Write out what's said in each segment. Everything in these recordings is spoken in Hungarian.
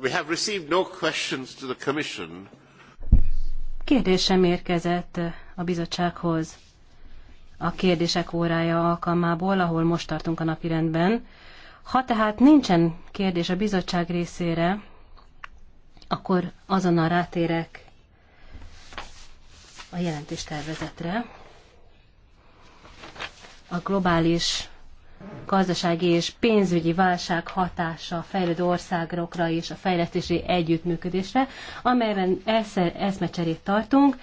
We have received no questions to the Commission. Kérdésem érkezett a bizottsághoz a kérdések órája alkalmából, ahol most tartunk a napirendben. Ha tehát nincsen kérdés a bizottság részére, akkor azonnal rátérek a jelentéstervezetre. A globális gazdasági és pénzügyi válság hatása a fejlődő országokra és a fejlesztési együttműködésre, amelyben eszmecserét tartunk.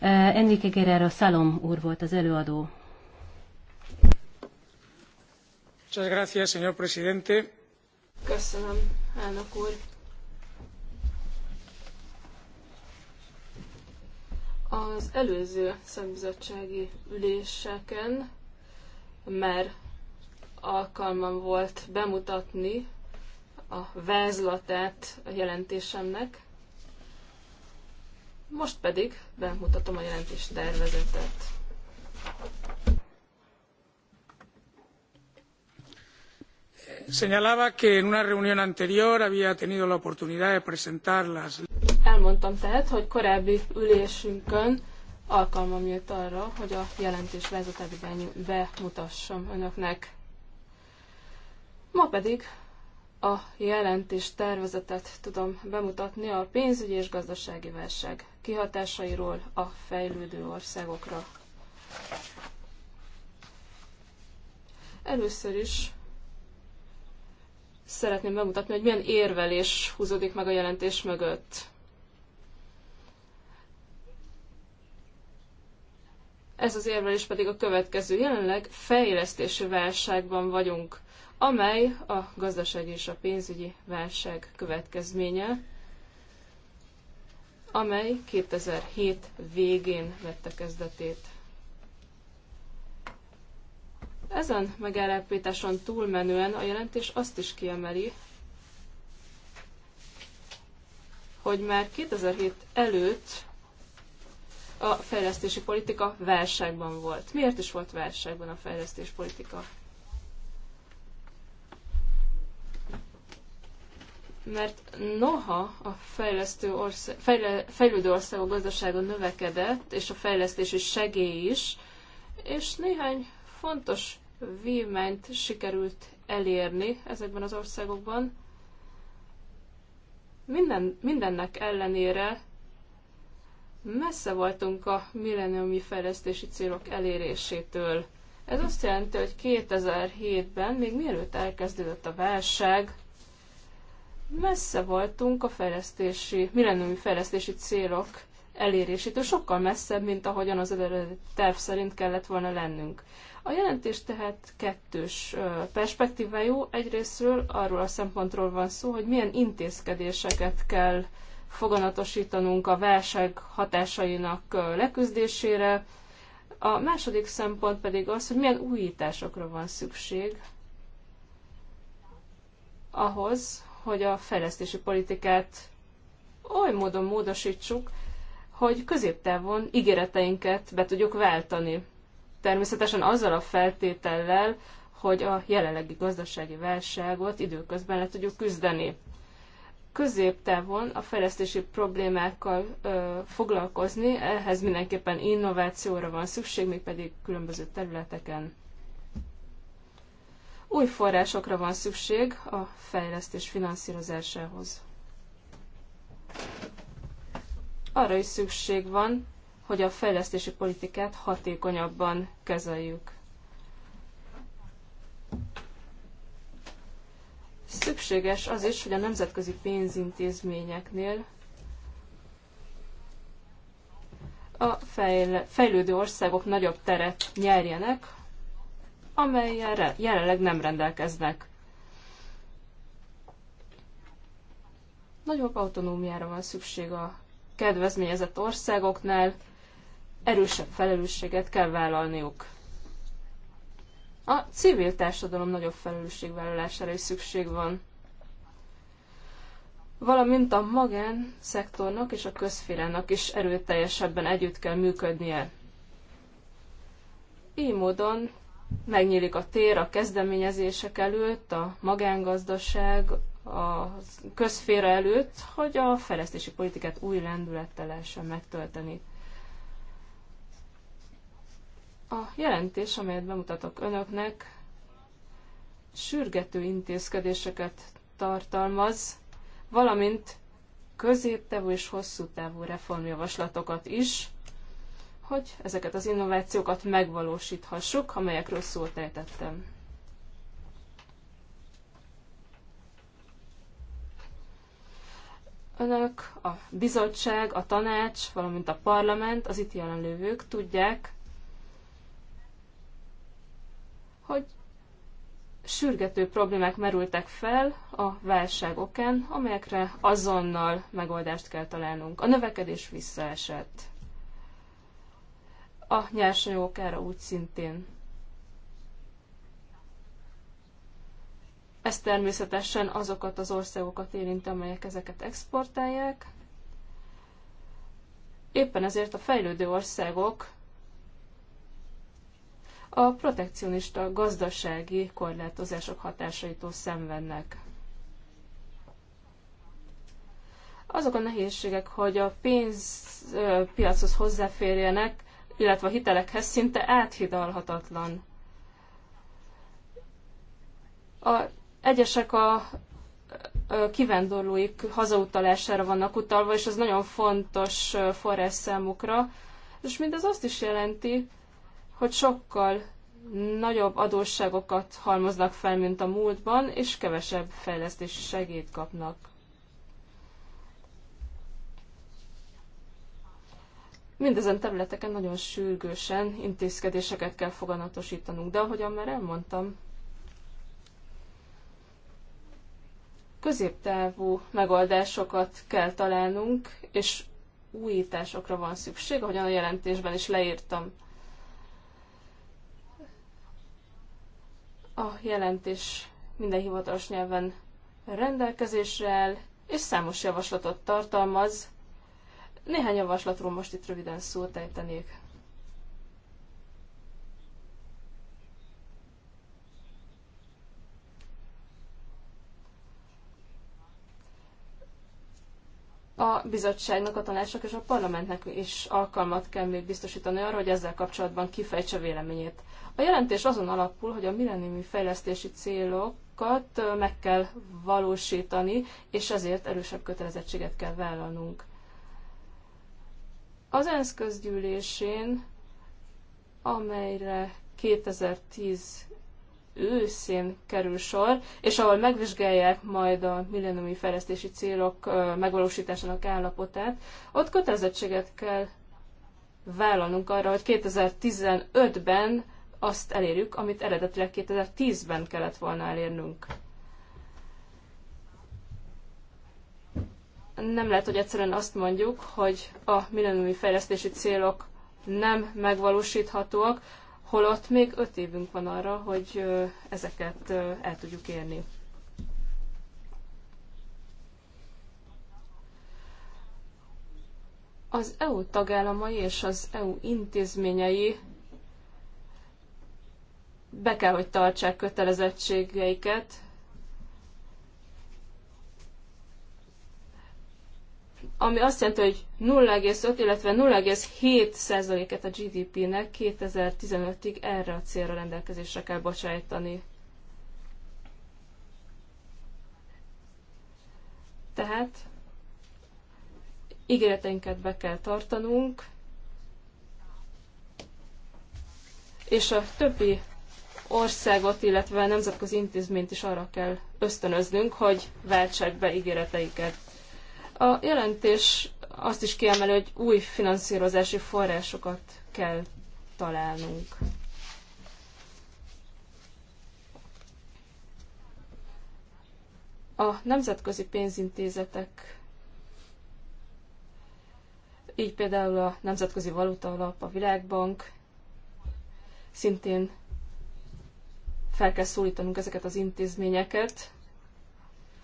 Enrique Guerrero Szalom úr volt az előadó. Köszönöm, elnök úr. Az előző szemzetségi üléseken már alkalmam volt bemutatni a vázlatát a jelentésemnek. Most pedig bemutatom a jelentés tervezetet. Señalaba que en una reunión anterior había tenido la oportunidad de presentar las... Elmondtam tehát, hogy korábbi ülésünkön alkalmam jött arra, hogy a jelentés vezetet bemutassam önöknek. Ma pedig a jelentés tervezetet tudom bemutatni a pénzügyi és gazdasági válság kihatásairól a fejlődő országokra. Először is szeretném bemutatni, hogy milyen érvelés húzódik meg a jelentés mögött. Ez az érvelés pedig a következő. Jelenleg fejlesztési válságban vagyunk amely a gazdasági és a pénzügyi válság következménye, amely 2007 végén vette kezdetét. Ezen megállapításon túlmenően a jelentés azt is kiemeli, hogy már 2007 előtt a fejlesztési politika válságban volt. Miért is volt válságban a fejlesztés politika? mert noha a fejlesztő orsz fejle, fejlődő országok gazdasága növekedett, és a fejlesztési segély is, és néhány fontos vívmányt sikerült elérni ezekben az országokban, minden, mindennek ellenére messze voltunk a milleniumi fejlesztési célok elérésétől. Ez azt jelenti, hogy 2007-ben, még mielőtt elkezdődött a válság, messze voltunk a fejlesztési, millenniumi fejlesztési célok elérésétől, sokkal messzebb, mint ahogyan az eredeti terv szerint kellett volna lennünk. A jelentés tehát kettős perspektívájú. Egyrésztről arról a szempontról van szó, hogy milyen intézkedéseket kell foganatosítanunk a válság hatásainak leküzdésére. A második szempont pedig az, hogy milyen újításokra van szükség ahhoz, hogy a fejlesztési politikát oly módon módosítsuk, hogy középtávon ígéreteinket be tudjuk váltani. Természetesen azzal a feltétellel, hogy a jelenlegi gazdasági válságot időközben le tudjuk küzdeni. Középtávon a fejlesztési problémákkal ö, foglalkozni, ehhez mindenképpen innovációra van szükség, mégpedig különböző területeken. Új forrásokra van szükség a fejlesztés finanszírozásához. Arra is szükség van, hogy a fejlesztési politikát hatékonyabban kezeljük. Szükséges az is, hogy a nemzetközi pénzintézményeknél a fejlődő országok nagyobb teret nyerjenek amelyel jelenleg nem rendelkeznek. Nagyobb autonómiára van szükség a kedvezményezett országoknál, erősebb felelősséget kell vállalniuk. A civil társadalom nagyobb felelősségvállalására is szükség van valamint a magán szektornak és a közférának is erőteljesebben együtt kell működnie. Így módon megnyílik a tér a kezdeményezések előtt, a magángazdaság, a közféra előtt, hogy a fejlesztési politikát új lendülettel lehessen megtölteni. A jelentés, amelyet bemutatok önöknek, sürgető intézkedéseket tartalmaz, valamint középtávú és hosszú távú reformjavaslatokat is, hogy ezeket az innovációkat megvalósíthassuk, amelyekről szót ejtettem. Önök, a bizottság, a tanács, valamint a parlament, az itt jelenlévők tudják, hogy sürgető problémák merültek fel a válságokon, amelyekre azonnal megoldást kell találnunk. A növekedés visszaesett a nyersanyagok erre úgy szintén. Ez természetesen azokat az országokat érint, amelyek ezeket exportálják. Éppen ezért a fejlődő országok a protekcionista gazdasági korlátozások hatásaitól szenvednek. Azok a nehézségek, hogy a pénzpiachoz hozzáférjenek, illetve a hitelekhez szinte áthidalhatatlan. A, egyesek a kivándorlóik hazautalására vannak utalva, és ez nagyon fontos forrás számukra. És mindez azt is jelenti, hogy sokkal nagyobb adósságokat halmoznak fel, mint a múltban, és kevesebb fejlesztési segélyt kapnak. Mindezen területeken nagyon sürgősen intézkedéseket kell foganatosítanunk, de ahogyan már elmondtam, középtávú megoldásokat kell találnunk, és újításokra van szükség, ahogyan a jelentésben is leírtam. A jelentés minden hivatalos nyelven rendelkezésre áll, és számos javaslatot tartalmaz, néhány javaslatról most itt röviden szót ejtenék. a bizottságnak, a tanácsnak és a parlamentnek is alkalmat kell még biztosítani arra, hogy ezzel kapcsolatban kifejtse véleményét. A jelentés azon alapul, hogy a millenniumi fejlesztési célokat meg kell valósítani, és ezért erősebb kötelezettséget kell vállalnunk. Az ENSZ közgyűlésén, amelyre 2010 őszén kerül sor, és ahol megvizsgálják majd a millenniumi fejlesztési célok megvalósításának állapotát, ott kötelezettséget kell vállalnunk arra, hogy 2015-ben azt elérjük, amit eredetileg 2010-ben kellett volna elérnünk. nem lehet, hogy egyszerűen azt mondjuk, hogy a millenniumi fejlesztési célok nem megvalósíthatóak, holott még öt évünk van arra, hogy ezeket el tudjuk érni. Az EU tagállamai és az EU intézményei be kell, hogy tartsák kötelezettségeiket, ami azt jelenti, hogy 0,5, illetve 0,7 százaléket a GDP-nek 2015-ig erre a célra rendelkezésre kell bocsájtani. Tehát ígéreteinket be kell tartanunk, és a többi országot, illetve nemzetközi intézményt is arra kell ösztönöznünk, hogy váltsák be ígéreteiket. A jelentés azt is kiemeli, hogy új finanszírozási forrásokat kell találnunk. A nemzetközi pénzintézetek, így például a Nemzetközi Valuta Alap, a Világbank, szintén fel kell szólítanunk ezeket az intézményeket,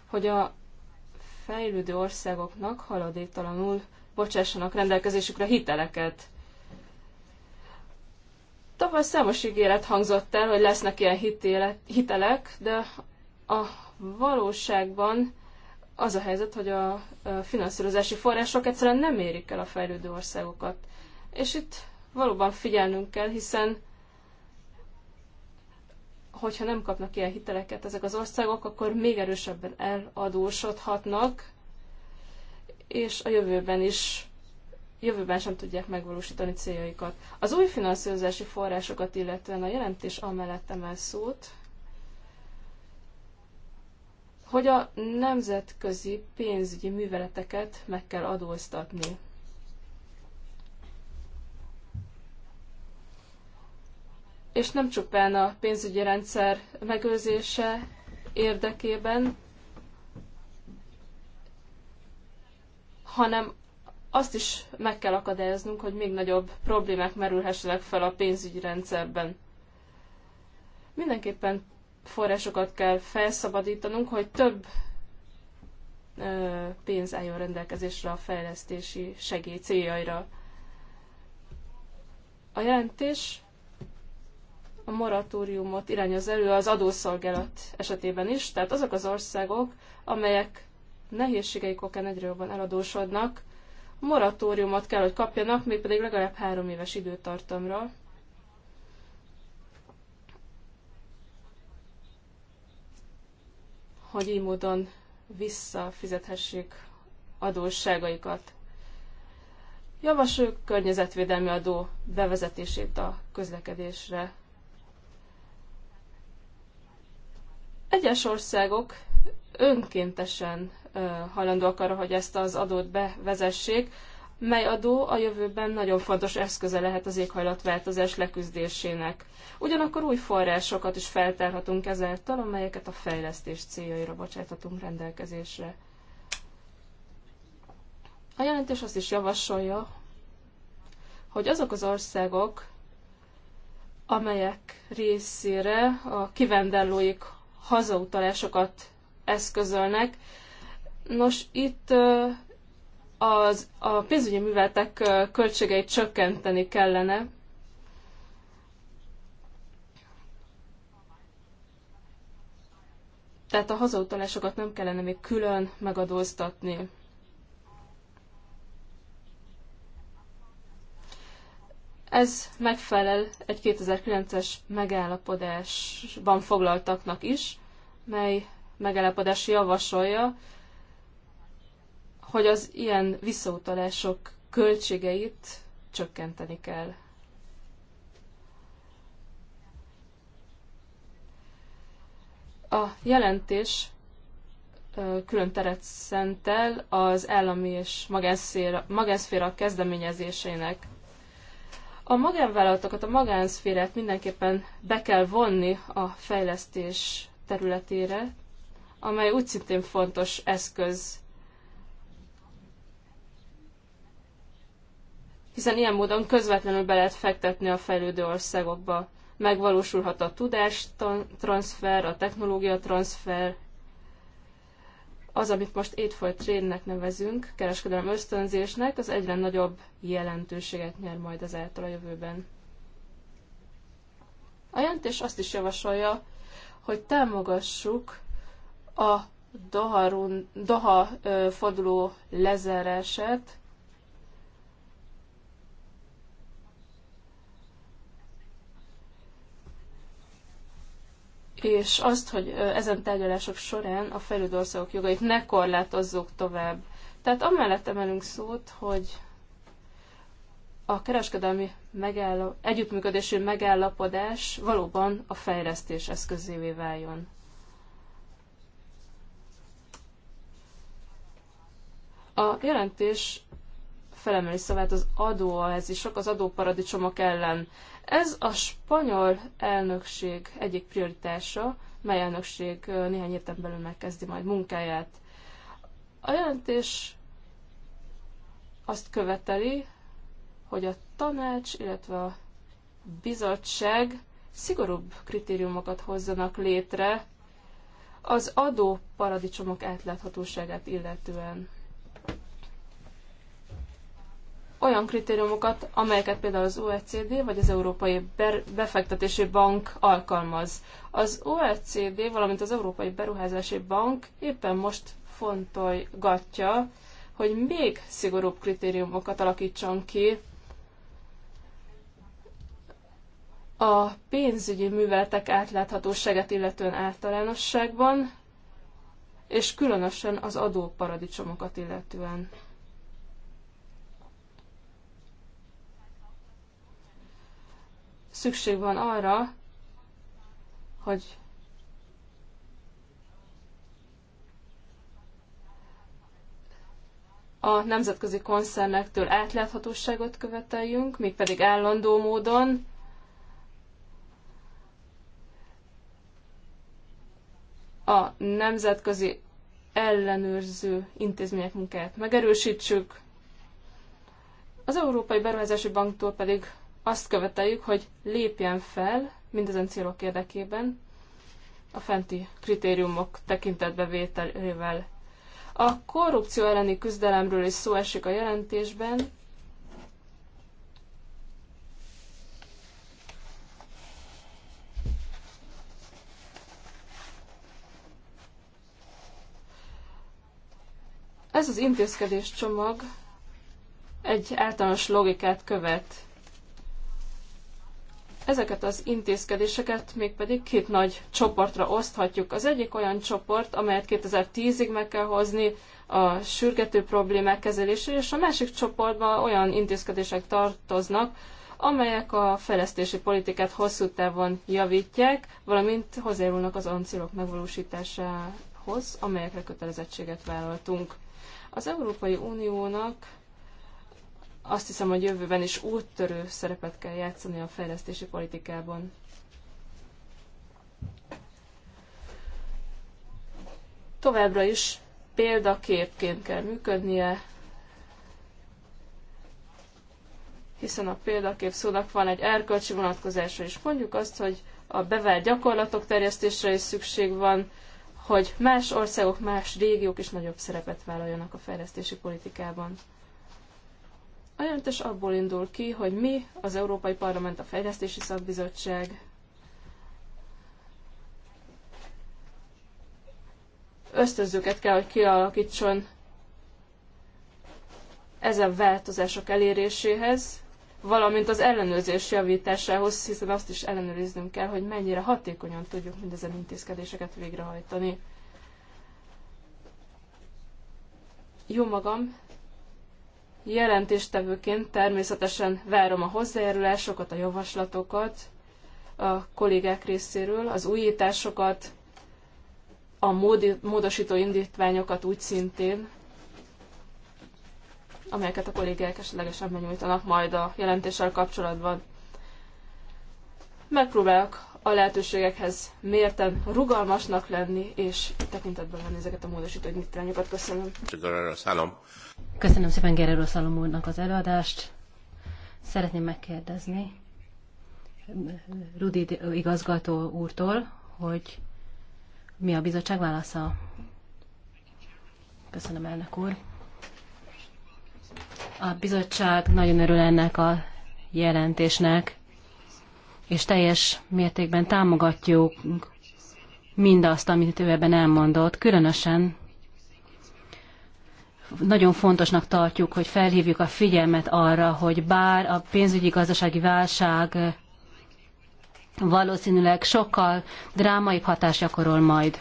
hogy a fejlődő országoknak haladéktalanul bocsássanak rendelkezésükre hiteleket. Tavaly számos ígéret hangzott el, hogy lesznek ilyen hitélet, hitelek, de a valóságban az a helyzet, hogy a finanszírozási források egyszerűen nem érik el a fejlődő országokat. És itt valóban figyelnünk kell, hiszen hogyha nem kapnak ilyen hiteleket ezek az országok, akkor még erősebben eladósodhatnak, és a jövőben is jövőben sem tudják megvalósítani céljaikat. Az új finanszírozási forrásokat illetően a jelentés amellett emel szót, hogy a nemzetközi pénzügyi műveleteket meg kell adóztatni. és nem csupán a pénzügyi rendszer megőrzése érdekében, hanem azt is meg kell akadályoznunk, hogy még nagyobb problémák merülhessenek fel a pénzügyi rendszerben. Mindenképpen forrásokat kell felszabadítanunk, hogy több pénz álljon rendelkezésre a fejlesztési segély céljaira. A jelentés a moratóriumot irányoz elő az adószolgálat esetében is, tehát azok az országok, amelyek nehézségeik okán egyre jobban eladósodnak, moratóriumot kell, hogy kapjanak, mégpedig legalább három éves időtartamra. hogy így módon visszafizethessék adósságaikat. Javasoljuk környezetvédelmi adó bevezetését a közlekedésre Egyes országok önkéntesen hajlandóak arra, hogy ezt az adót bevezessék, mely adó a jövőben nagyon fontos eszköze lehet az éghajlatváltozás leküzdésének. Ugyanakkor új forrásokat is feltárhatunk ezáltal, amelyeket a fejlesztés céljaira bocsáthatunk rendelkezésre. A jelentés azt is javasolja, hogy azok az országok, amelyek részére a kivendellóik hazautalásokat eszközölnek. Nos, itt az, a pénzügyi műveletek költségeit csökkenteni kellene. Tehát a hazautalásokat nem kellene még külön megadóztatni. Ez megfelel egy 2009-es megállapodásban foglaltaknak is, mely megállapodás javasolja, hogy az ilyen visszautalások költségeit csökkenteni kell. A jelentés külön teret szentel az állami és magánszféra, magánszféra kezdeményezésének. A magánvállalatokat, a magánszférát mindenképpen be kell vonni a fejlesztés területére, amely úgy szintén fontos eszköz, hiszen ilyen módon közvetlenül be lehet fektetni a fejlődő országokba. Megvalósulhat a tudástranszfer, a technológiatranszfer az, amit most Aid trénnek nevezünk, kereskedelem ösztönzésnek, az egyre nagyobb jelentőséget nyer majd ezáltal a jövőben. A jelentés azt is javasolja, hogy támogassuk a Doha, Doha forduló lezárását, és azt, hogy ezen tárgyalások során a fejlődő országok jogait ne korlátozzuk tovább. Tehát amellett emelünk szót, hogy a kereskedelmi megállap, együttműködési megállapodás valóban a fejlesztés eszközévé váljon. A jelentés felemeli szavát az adóoázisok, az adóparadicsomok ellen. Ez a spanyol elnökség egyik prioritása, mely elnökség néhány héten belül megkezdi majd munkáját. A jelentés azt követeli, hogy a tanács, illetve a bizottság szigorúbb kritériumokat hozzanak létre az adóparadicsomok átláthatóságát illetően olyan kritériumokat, amelyeket például az OECD vagy az Európai Befektetési Bank alkalmaz. Az OECD, valamint az Európai Beruházási Bank éppen most fontolgatja, hogy még szigorúbb kritériumokat alakítson ki a pénzügyi műveletek átláthatóságát illetően általánosságban, és különösen az adóparadicsomokat illetően. szükség van arra, hogy a nemzetközi koncernektől átláthatóságot követeljünk, mégpedig állandó módon, a nemzetközi ellenőrző intézmények munkáját megerősítsük, az Európai Beruházási Banktól pedig azt követeljük, hogy lépjen fel mindezen célok érdekében a fenti kritériumok tekintetbe vételével. A korrupció elleni küzdelemről is szó esik a jelentésben, ez az intézkedés csomag egy általános logikát követ. Ezeket az intézkedéseket mégpedig két nagy csoportra oszthatjuk. Az egyik olyan csoport, amelyet 2010-ig meg kell hozni a sürgető problémák kezelésére, és a másik csoportban olyan intézkedések tartoznak, amelyek a fejlesztési politikát hosszú távon javítják, valamint hozzájárulnak az olyan célok megvalósításához, amelyekre kötelezettséget vállaltunk. Az Európai Uniónak azt hiszem, hogy jövőben is úttörő szerepet kell játszani a fejlesztési politikában. Továbbra is példaképként kell működnie, hiszen a példakép szónak van egy erkölcsi vonatkozása is. Mondjuk azt, hogy a bevált gyakorlatok terjesztésre is szükség van, hogy más országok, más régiók is nagyobb szerepet vállaljanak a fejlesztési politikában. A jelentés abból indul ki, hogy mi, az Európai Parlament, a Fejlesztési Szakbizottság ösztözőket kell, hogy kialakítson ezen változások eléréséhez, valamint az ellenőrzés javításához, hiszen azt is ellenőriznünk kell, hogy mennyire hatékonyan tudjuk mindezen intézkedéseket végrehajtani. Jó magam, Jelentéstevőként természetesen várom a hozzájárulásokat, a javaslatokat a kollégák részéről, az újításokat, a módosító indítványokat úgy szintén, amelyeket a kollégák esetlegesen benyújtanak majd a jelentéssel kapcsolatban. Megpróbálok a lehetőségekhez mérten rugalmasnak lenni, és tekintetben lenni ezeket a módosító indítványokat. Köszönöm. Köszönöm. Köszönöm szépen Gerero Szalom úrnak az előadást. Szeretném megkérdezni Rudi igazgató úrtól, hogy mi a bizottság válasza? Köszönöm, elnök úr. A bizottság nagyon örül ennek a jelentésnek, és teljes mértékben támogatjuk mindazt, amit ő ebben elmondott, különösen nagyon fontosnak tartjuk, hogy felhívjuk a figyelmet arra, hogy bár a pénzügyi gazdasági válság valószínűleg sokkal drámaibb hatást gyakorol majd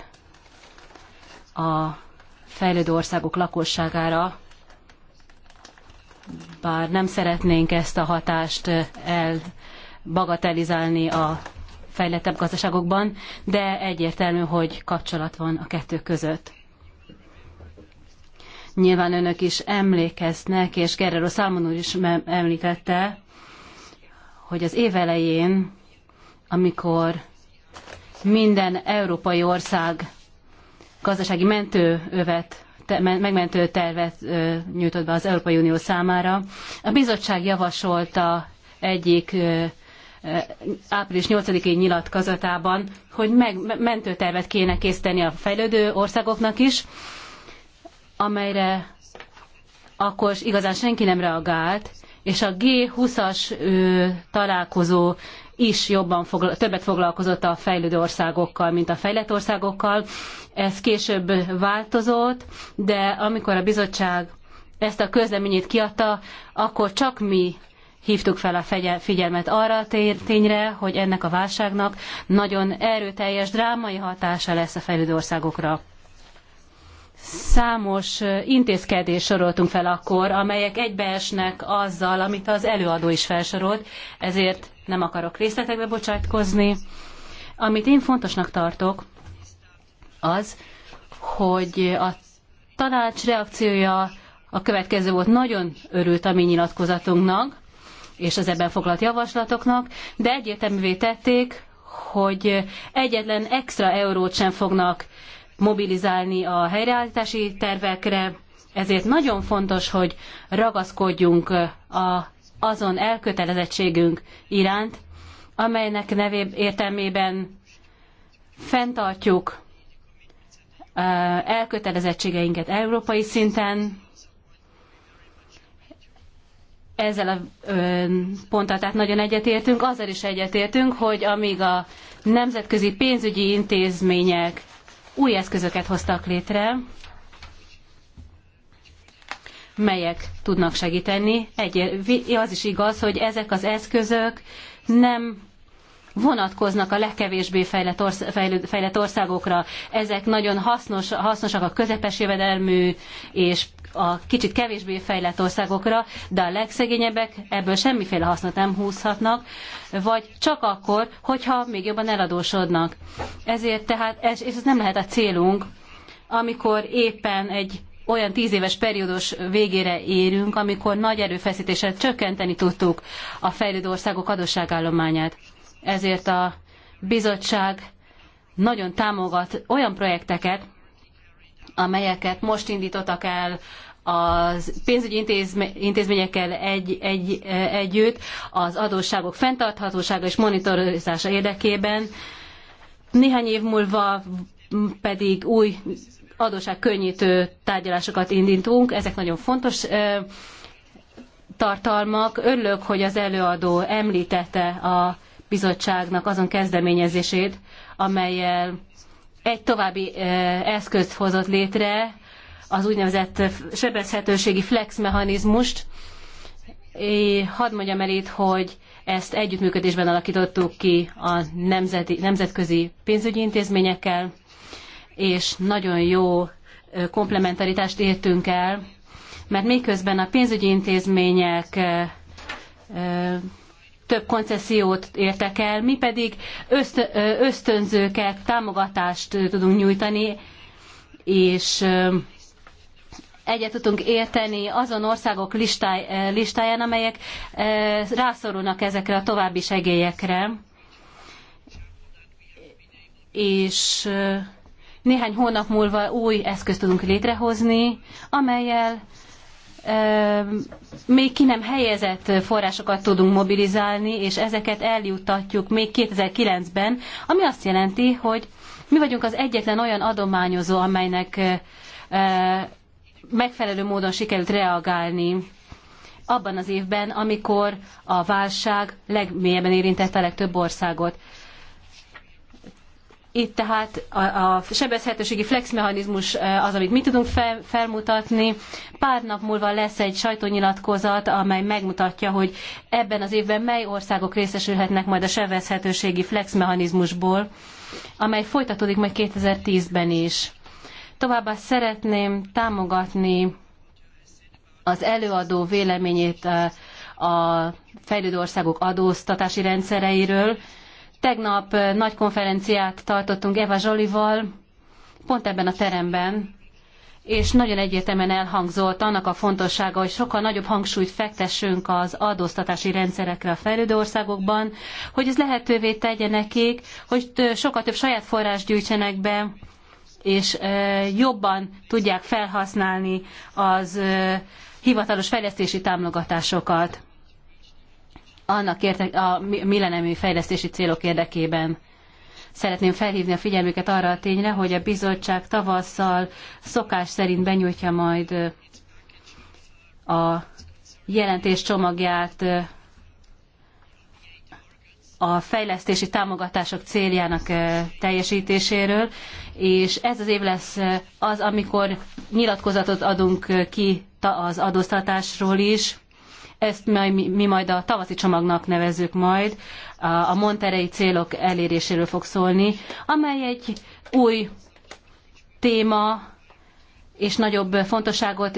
a fejlődő országok lakosságára, bár nem szeretnénk ezt a hatást elbagatelizálni a fejlettebb gazdaságokban, de egyértelmű, hogy kapcsolat van a kettő között nyilván önök is emlékeznek, és Gerrero Salmon úr is említette, hogy az év elején, amikor minden európai ország gazdasági mentőövet, te, megmentő tervet ö, nyújtott be az Európai Unió számára. A bizottság javasolta egyik ö, április 8-i nyilatkozatában, hogy meg, mentőtervet kéne készíteni a fejlődő országoknak is, amelyre akkor igazán senki nem reagált, és a G20-as találkozó is jobban fogla, többet foglalkozott a fejlődő országokkal, mint a fejlett országokkal. Ez később változott, de amikor a bizottság ezt a közleményét kiadta, akkor csak mi hívtuk fel a figyelmet arra a tényre, hogy ennek a válságnak nagyon erőteljes drámai hatása lesz a fejlődő országokra számos intézkedést soroltunk fel akkor, amelyek egybeesnek azzal, amit az előadó is felsorolt, ezért nem akarok részletekbe bocsátkozni. Amit én fontosnak tartok, az, hogy a tanács reakciója a következő volt, nagyon örült a mi nyilatkozatunknak, és az ebben foglalt javaslatoknak, de egyértelművé tették, hogy egyetlen extra eurót sem fognak mobilizálni a helyreállítási tervekre, ezért nagyon fontos, hogy ragaszkodjunk a, azon elkötelezettségünk iránt, amelynek nevéb értelmében fenntartjuk elkötelezettségeinket európai szinten, ezzel a ponttal tehát nagyon egyetértünk, azzal is egyetértünk, hogy amíg a nemzetközi pénzügyi intézmények új eszközöket hoztak létre, melyek tudnak segíteni. Egy, az is igaz, hogy ezek az eszközök nem vonatkoznak a legkevésbé fejlett, orsz, fejlett, országokra. Ezek nagyon hasznos, hasznosak a közepes jövedelmű és a kicsit kevésbé fejlett országokra, de a legszegényebbek ebből semmiféle hasznot nem húzhatnak, vagy csak akkor, hogyha még jobban eladósodnak. Ezért tehát, ez és ez nem lehet a célunk, amikor éppen egy olyan tíz éves periódus végére érünk, amikor nagy erőfeszítéssel csökkenteni tudtuk a fejlődő országok adósságállományát. Ezért a bizottság nagyon támogat olyan projekteket, amelyeket most indítottak el a pénzügyi intézményekkel egy, egy, eh, együtt az adósságok fenntarthatósága és monitorozása érdekében. Néhány év múlva pedig új adósságkönnyítő tárgyalásokat indítunk. Ezek nagyon fontos eh, tartalmak. Örülök, hogy az előadó említette a bizottságnak azon kezdeményezését, amelyel egy további eh, eszközt hozott létre, az úgynevezett sebezhetőségi flex mechanizmust. hadd mondjam el itt, hogy ezt együttműködésben alakítottuk ki a nemzeti, nemzetközi pénzügyi intézményekkel, és nagyon jó komplementaritást értünk el, mert miközben a pénzügyi intézmények több koncesziót értek el, mi pedig ösztönzőket, támogatást tudunk nyújtani, és egyet tudtunk érteni azon országok listáj, eh, listáján, amelyek eh, rászorulnak ezekre a további segélyekre. És eh, néhány hónap múlva új eszközt tudunk létrehozni, amelyel még ki nem helyezett forrásokat tudunk mobilizálni, és ezeket eljuttatjuk még 2009-ben, ami azt jelenti, hogy mi vagyunk az egyetlen olyan adományozó, amelynek megfelelő módon sikerült reagálni abban az évben, amikor a válság legmélyebben érintette a legtöbb országot. Itt tehát a, a sebezhetőségi flexmechanizmus az, amit mi tudunk fel, felmutatni. Pár nap múlva lesz egy sajtónyilatkozat, amely megmutatja, hogy ebben az évben mely országok részesülhetnek majd a sebezhetőségi flexmechanizmusból, amely folytatódik majd 2010-ben is. Továbbá szeretném támogatni az előadó véleményét eh, a fejlődő országok adóztatási rendszereiről. Tegnap eh, nagy konferenciát tartottunk Eva Zsolival, pont ebben a teremben, és nagyon egyértelműen elhangzott annak a fontossága, hogy sokkal nagyobb hangsúlyt fektessünk az adóztatási rendszerekre a fejlődő országokban, hogy ez lehetővé tegye nekik, hogy sokkal több saját forrás gyűjtsenek be és jobban tudják felhasználni az hivatalos fejlesztési támogatásokat annak érte, a millenemű fejlesztési célok érdekében. Szeretném felhívni a figyelmüket arra a tényre, hogy a bizottság tavasszal szokás szerint benyújtja majd a jelentés csomagját a fejlesztési támogatások céljának teljesítéséről, és ez az év lesz az, amikor nyilatkozatot adunk ki az adóztatásról is, ezt mi majd a tavaszi csomagnak nevezzük majd, a monterei célok eléréséről fog szólni, amely egy új téma és nagyobb fontosságot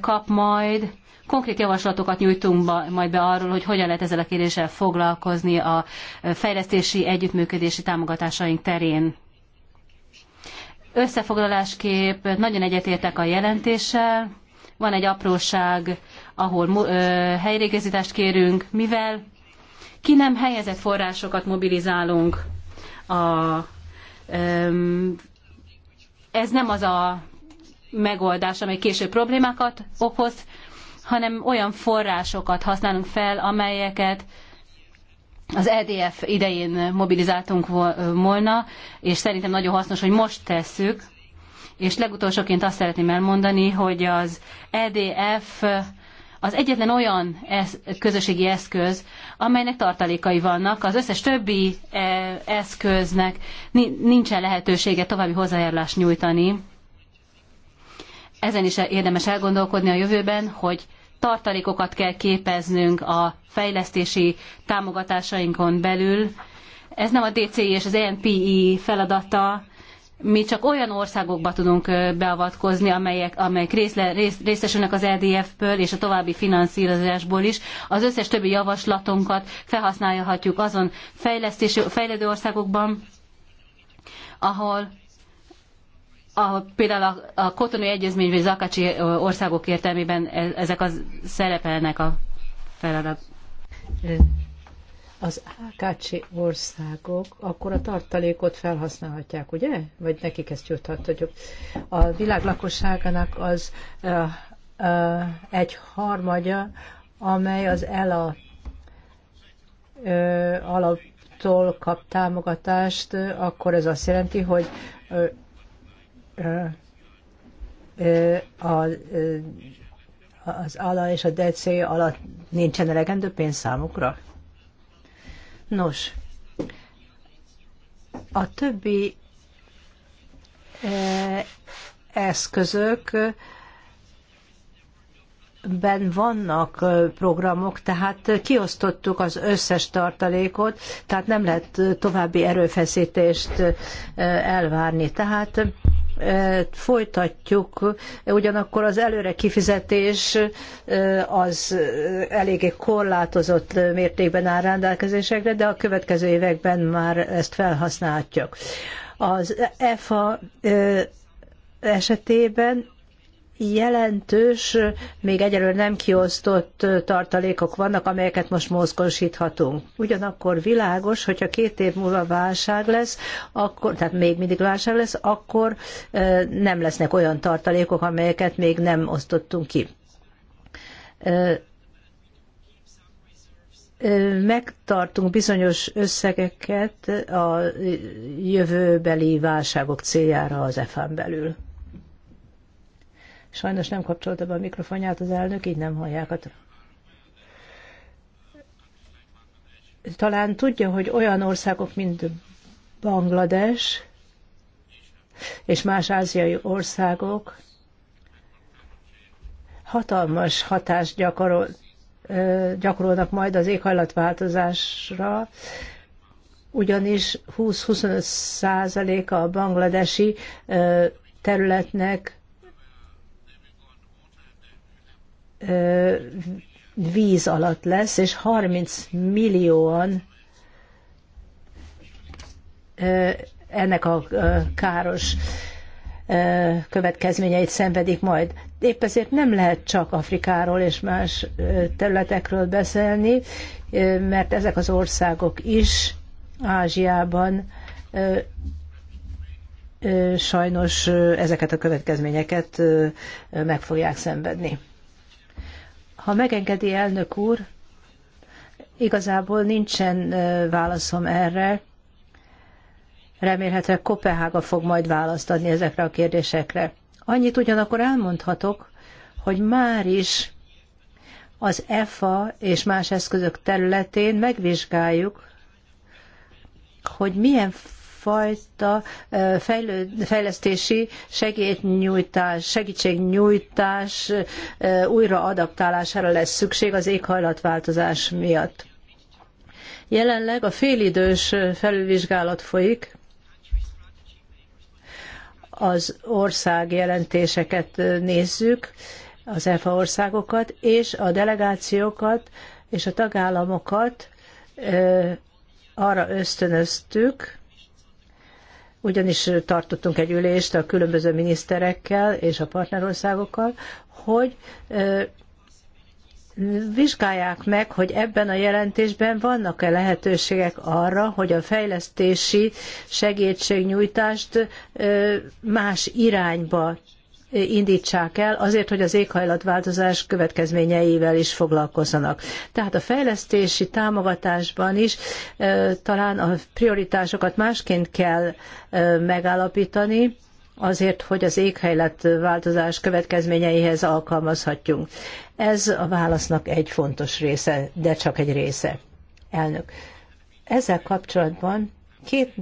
kap majd, Konkrét javaslatokat nyújtunk majd be arról, hogy hogyan lehet ezzel a kérdéssel foglalkozni a fejlesztési együttműködési támogatásaink terén. Összefoglalásképp nagyon egyetértek a jelentéssel. Van egy apróság, ahol helyrégezítást kérünk, mivel ki nem helyezett forrásokat mobilizálunk a ez nem az a megoldás, amely később problémákat okoz, hanem olyan forrásokat használunk fel, amelyeket az EDF idején mobilizáltunk volna, és szerintem nagyon hasznos, hogy most tesszük. És legutolsóként azt szeretném elmondani, hogy az EDF az egyetlen olyan közösségi eszköz, amelynek tartalékai vannak. Az összes többi e, eszköznek nincsen lehetősége további hozzájárulást nyújtani. Ezen is érdemes elgondolkodni a jövőben, hogy tartalékokat kell képeznünk a fejlesztési támogatásainkon belül. Ez nem a DCI és az ENPI feladata, mi csak olyan országokba tudunk beavatkozni, amelyek, amelyek részle, rész, részesülnek az EDF-ből és a további finanszírozásból is. Az összes többi javaslatunkat felhasználhatjuk azon fejlesztési, fejlődő országokban, ahol a, például a, a kotonai egyezmény vagy az akácsi országok értelmében e, ezek az szerepelnek a feladat. Az ákácsi országok akkor a tartalékot felhasználhatják, ugye? Vagy nekik ezt juthatjuk. A világ lakosságának az uh, uh, egy harmadja, amely az ELA uh, alaptól kap támogatást, akkor ez azt jelenti, hogy a, az ALA és a DC alatt nincsen elegendő pénz számukra? Nos, a többi eszközök ben vannak programok, tehát kiosztottuk az összes tartalékot, tehát nem lehet további erőfeszítést elvárni. Tehát folytatjuk, ugyanakkor az előre kifizetés az eléggé korlátozott mértékben áll rendelkezésekre, de a következő években már ezt felhasználhatjuk. Az EFA esetében jelentős, még egyelőre nem kiosztott tartalékok vannak, amelyeket most mozgósíthatunk. Ugyanakkor világos, hogyha két év múlva válság lesz, akkor, tehát még mindig válság lesz, akkor e, nem lesznek olyan tartalékok, amelyeket még nem osztottunk ki e, e, megtartunk bizonyos összegeket a jövőbeli válságok céljára az EFA-n belül. Sajnos nem kapcsolta be a mikrofonját az elnök, így nem hallják a talán tudja, hogy olyan országok, mint Banglades és más ázsiai országok hatalmas hatást gyakorol, gyakorolnak majd az éghajlatváltozásra, ugyanis 20-25 százaléka a bangladesi területnek víz alatt lesz, és 30 millióan ennek a káros következményeit szenvedik majd. Épp ezért nem lehet csak Afrikáról és más területekről beszélni, mert ezek az országok is Ázsiában sajnos ezeket a következményeket meg fogják szenvedni. Ha megengedi elnök úr, igazából nincsen válaszom erre. Remélhetőleg Kopenhága fog majd választ adni ezekre a kérdésekre. Annyit ugyanakkor elmondhatok, hogy már is az EFA és más eszközök területén megvizsgáljuk, hogy milyen fajta fejlő, fejlesztési segítségnyújtás, segítségnyújtás újraadaptálására lesz szükség az éghajlatváltozás miatt. Jelenleg a félidős felülvizsgálat folyik, az ország jelentéseket nézzük, az EFA országokat, és a delegációkat és a tagállamokat arra ösztönöztük, ugyanis tartottunk egy ülést a különböző miniszterekkel és a partnerországokkal, hogy vizsgálják meg, hogy ebben a jelentésben vannak-e lehetőségek arra, hogy a fejlesztési segítségnyújtást más irányba indítsák el azért, hogy az éghajlatváltozás következményeivel is foglalkozzanak. Tehát a fejlesztési támogatásban is talán a prioritásokat másként kell megállapítani, azért, hogy az éghajlatváltozás következményeihez alkalmazhatjunk. Ez a válasznak egy fontos része, de csak egy része. Elnök. Ezzel kapcsolatban két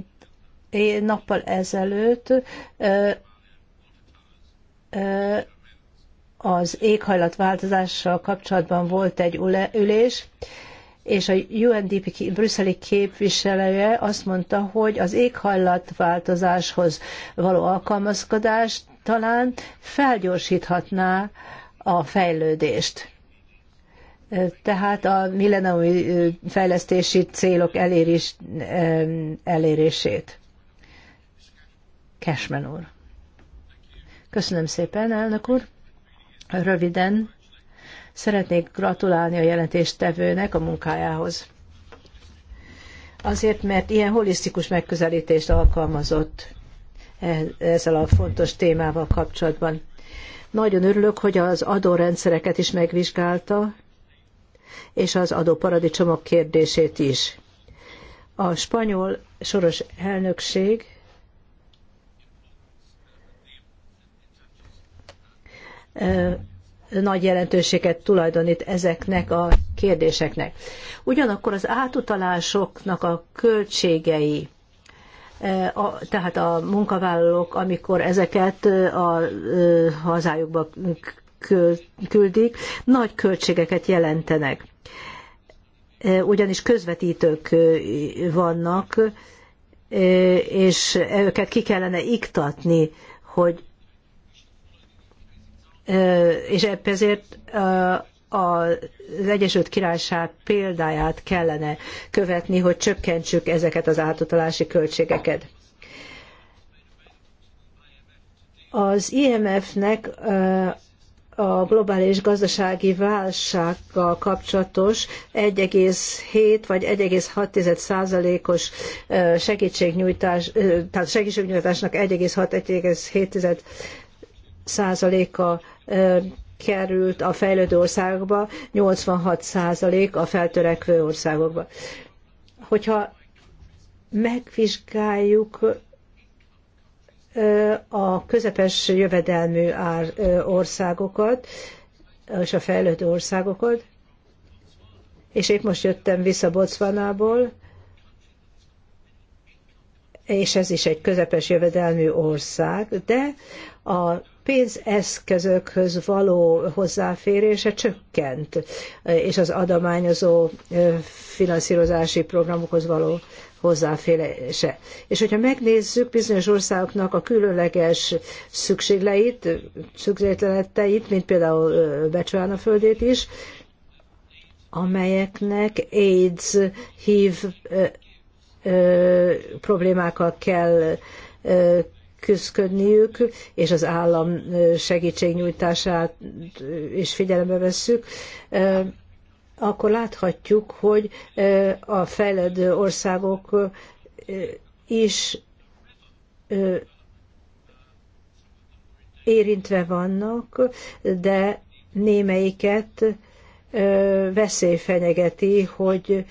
nappal ezelőtt az éghajlatváltozással kapcsolatban volt egy ülés, és a UNDP brüsszeli képviselője azt mondta, hogy az éghajlatváltozáshoz való alkalmazkodás talán felgyorsíthatná a fejlődést. Tehát a millenniumi fejlesztési célok elérés, elérését. Cashman úr. Köszönöm szépen, elnök úr. Röviden szeretnék gratulálni a jelentéstevőnek a munkájához. Azért, mert ilyen holisztikus megközelítést alkalmazott e, ezzel a fontos témával kapcsolatban. Nagyon örülök, hogy az adórendszereket is megvizsgálta, és az adóparadicsomok kérdését is. A spanyol soros elnökség nagy jelentőséget tulajdonít ezeknek a kérdéseknek. Ugyanakkor az átutalásoknak a költségei, a, tehát a munkavállalók, amikor ezeket a hazájukba küldik, nagy költségeket jelentenek. Ugyanis közvetítők vannak, és őket ki kellene iktatni, hogy és ezért az Egyesült Királyság példáját kellene követni, hogy csökkentsük ezeket az átutalási költségeket. Az IMF-nek a globális gazdasági válsággal kapcsolatos 1,7 vagy 1,6 százalékos segítségnyújtás, tehát segítségnyújtásnak 1,6-1,7 százaléka került a fejlődő országokba, 86 százalék a feltörekvő országokba. Hogyha megvizsgáljuk a közepes jövedelmű országokat és a fejlődő országokat, és épp most jöttem vissza Botswanából, és ez is egy közepes jövedelmű ország, de a pénzeszközökhöz való hozzáférése csökkent, és az adományozó finanszírozási programokhoz való hozzáférése. És hogyha megnézzük bizonyos országoknak a különleges szükségleit, szükségleteit, mint például Becsuána földét is, amelyeknek AIDS hív problémákkal kell küzdködniük, és az állam segítségnyújtását is figyelembe vesszük, akkor láthatjuk, hogy a fejlődő országok is érintve vannak, de némelyiket veszély fenyegeti, hogy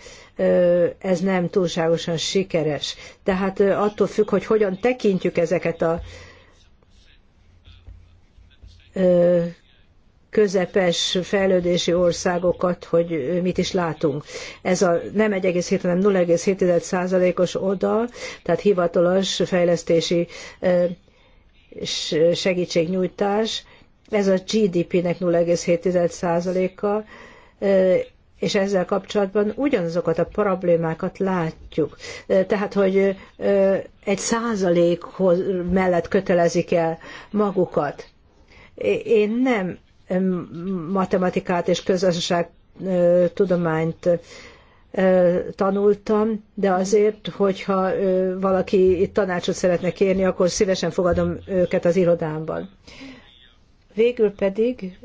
ez nem túlságosan sikeres. Tehát attól függ, hogy hogyan tekintjük ezeket a közepes fejlődési országokat, hogy mit is látunk. Ez a nem 1,7, hanem 0,7 százalékos oda, tehát hivatalos fejlesztési segítségnyújtás, ez a GDP-nek 0,7 százaléka, és ezzel kapcsolatban ugyanazokat a problémákat látjuk. Tehát, hogy egy százalékhoz mellett kötelezik el magukat. Én nem matematikát és közösségtudományt tanultam, de azért, hogyha valaki itt tanácsot szeretne kérni, akkor szívesen fogadom őket az irodámban. Végül pedig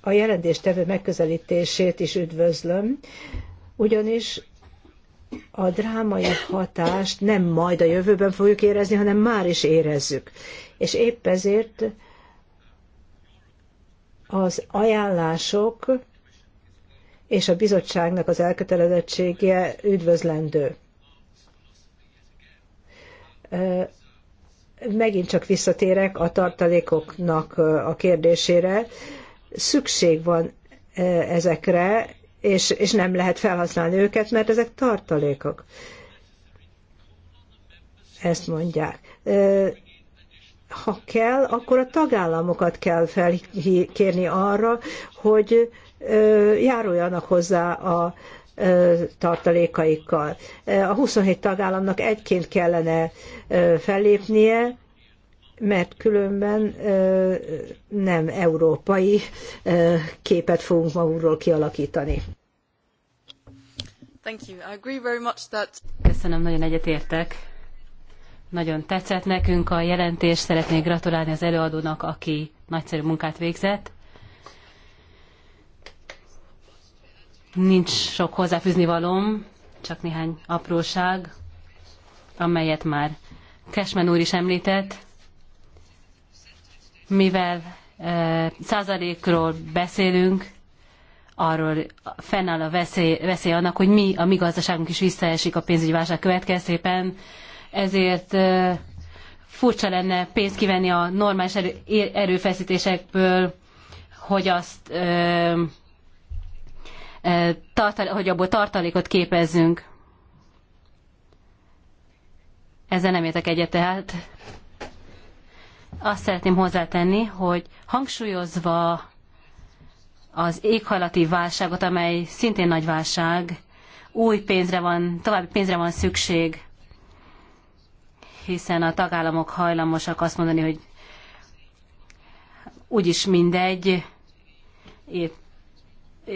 a jelentéstevő megközelítését is üdvözlöm, ugyanis a drámai hatást nem majd a jövőben fogjuk érezni, hanem már is érezzük. És épp ezért az ajánlások és a bizottságnak az elkötelezettsége üdvözlendő. Megint csak visszatérek a tartalékoknak a kérdésére szükség van e, ezekre, és, és nem lehet felhasználni őket, mert ezek tartalékok. Ezt mondják. E, ha kell, akkor a tagállamokat kell felkérni arra, hogy e, járuljanak hozzá a tartalékaikkal. A 27 tagállamnak egyként kellene fellépnie, mert különben nem európai képet fogunk magunkról kialakítani. Thank you. I agree very much that... Köszönöm, nagyon egyetértek. Nagyon tetszett nekünk a jelentés, szeretnék gratulálni az előadónak, aki nagyszerű munkát végzett. Nincs sok hozzáfűzni valóm, csak néhány apróság, amelyet már Kesmen úr is említett mivel százalékról beszélünk, arról fennáll a veszély, veszély annak, hogy mi, a mi gazdaságunk is visszaesik a pénzügyi válság következtében, ezért furcsa lenne pénzt kivenni a normális erő, erőfeszítésekből, hogy azt ö, ö, tartal, hogy abból tartalékot képezzünk. Ezzel nem értek egyet tehát. Azt szeretném hozzátenni, hogy hangsúlyozva az éghajlati válságot, amely szintén nagy válság, új pénzre van, további pénzre van szükség, hiszen a tagállamok hajlamosak azt mondani, hogy úgyis mindegy, épp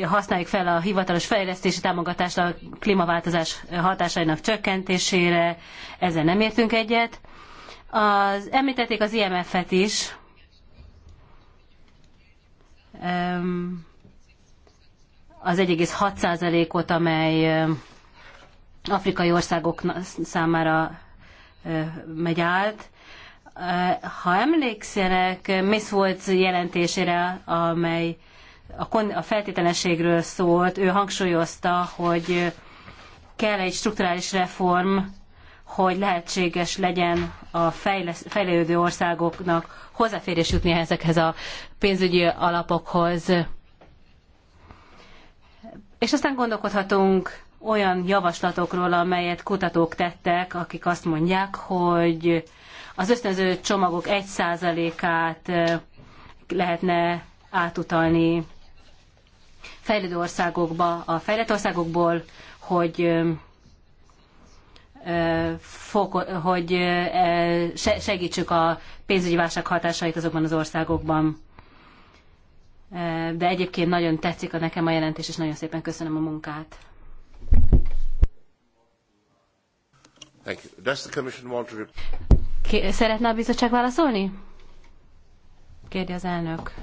használjuk fel a hivatalos fejlesztési támogatást a klímaváltozás hatásainak csökkentésére, ezzel nem értünk egyet. Az, említették az IMF-et is. Az 1,6%-ot, amely afrikai országok számára megy át. Ha emlékszenek, Miss volt jelentésére, amely a feltételességről szólt, ő hangsúlyozta, hogy kell egy strukturális reform hogy lehetséges legyen a fejlődő országoknak hozzáférés jutni ezekhez a pénzügyi alapokhoz. És aztán gondolkodhatunk olyan javaslatokról, amelyet kutatók tettek, akik azt mondják, hogy az ösztönző csomagok 1%-át lehetne átutalni fejlődő országokba, a fejlett országokból, hogy hogy segítsük a pénzügyi válság hatásait azokban az országokban. De egyébként nagyon tetszik a nekem a jelentés, és nagyon szépen köszönöm a munkát. Szeretne a bizottság válaszolni? Kérdi az elnök.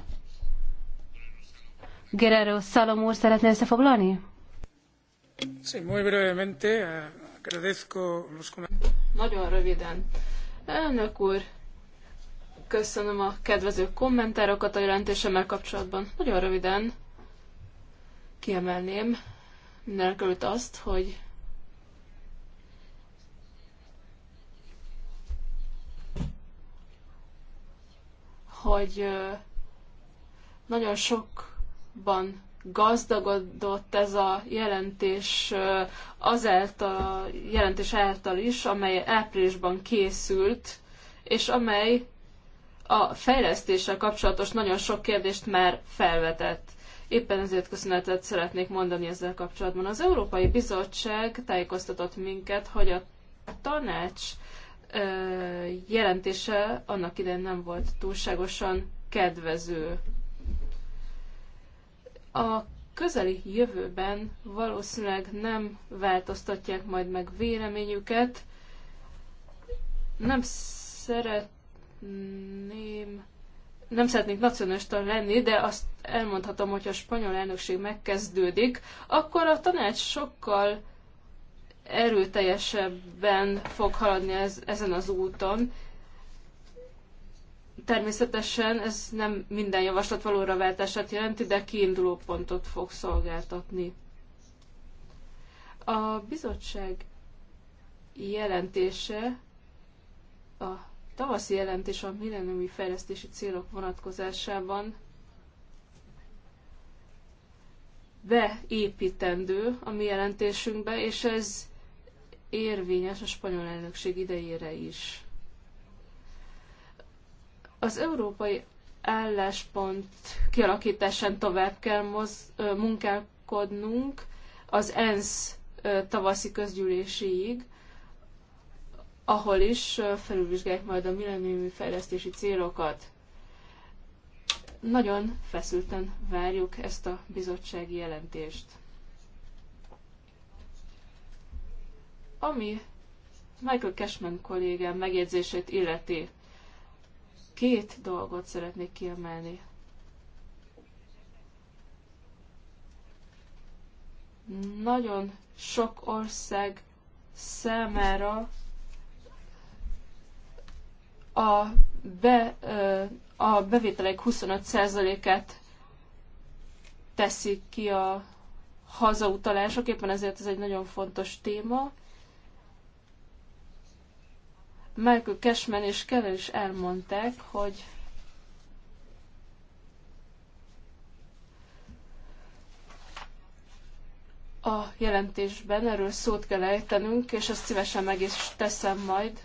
Guerrero Salom úr szeretne összefoglalni? Sí, muy brevemente. Eh, nagyon röviden. Elnök úr, köszönöm a kedvező kommentárokat a jelentésemmel kapcsolatban. Nagyon röviden kiemelném mindenekelőtt azt, hogy hogy nagyon sokban gazdagodott ez a jelentés azáltal, a jelentés által is, amely áprilisban készült, és amely a fejlesztéssel kapcsolatos nagyon sok kérdést már felvetett. Éppen ezért köszönetet szeretnék mondani ezzel kapcsolatban. Az Európai Bizottság tájékoztatott minket, hogy a tanács jelentése annak idején nem volt túlságosan kedvező. A közeli jövőben valószínűleg nem változtatják majd meg véleményüket. Nem szeretném nem szeretnék nacionalista lenni, de azt elmondhatom, hogy a spanyol elnökség megkezdődik, akkor a tanács sokkal erőteljesebben fog haladni ez, ezen az úton, Természetesen ez nem minden javaslat valóra váltását jelenti, de kiinduló pontot fog szolgáltatni. A bizottság jelentése, a tavaszi jelentés a millenniumi fejlesztési célok vonatkozásában beépítendő a mi jelentésünkbe, és ez érvényes a spanyol elnökség idejére is. Az európai álláspont kialakításán tovább kell moz, munkálkodnunk az ENSZ tavaszi közgyűléséig, ahol is felülvizsgálják majd a millenniumi fejlesztési célokat. Nagyon feszülten várjuk ezt a bizottsági jelentést. Ami Michael Cashman kollégám megjegyzését illeti, Két dolgot szeretnék kiemelni. Nagyon sok ország számára a, be, a bevételek 25%-át teszik ki a hazautalások, éppen ezért ez egy nagyon fontos téma. Michael Cashman és Keller is elmondták, hogy a jelentésben erről szót kell ejtenünk, és ezt szívesen meg is teszem majd.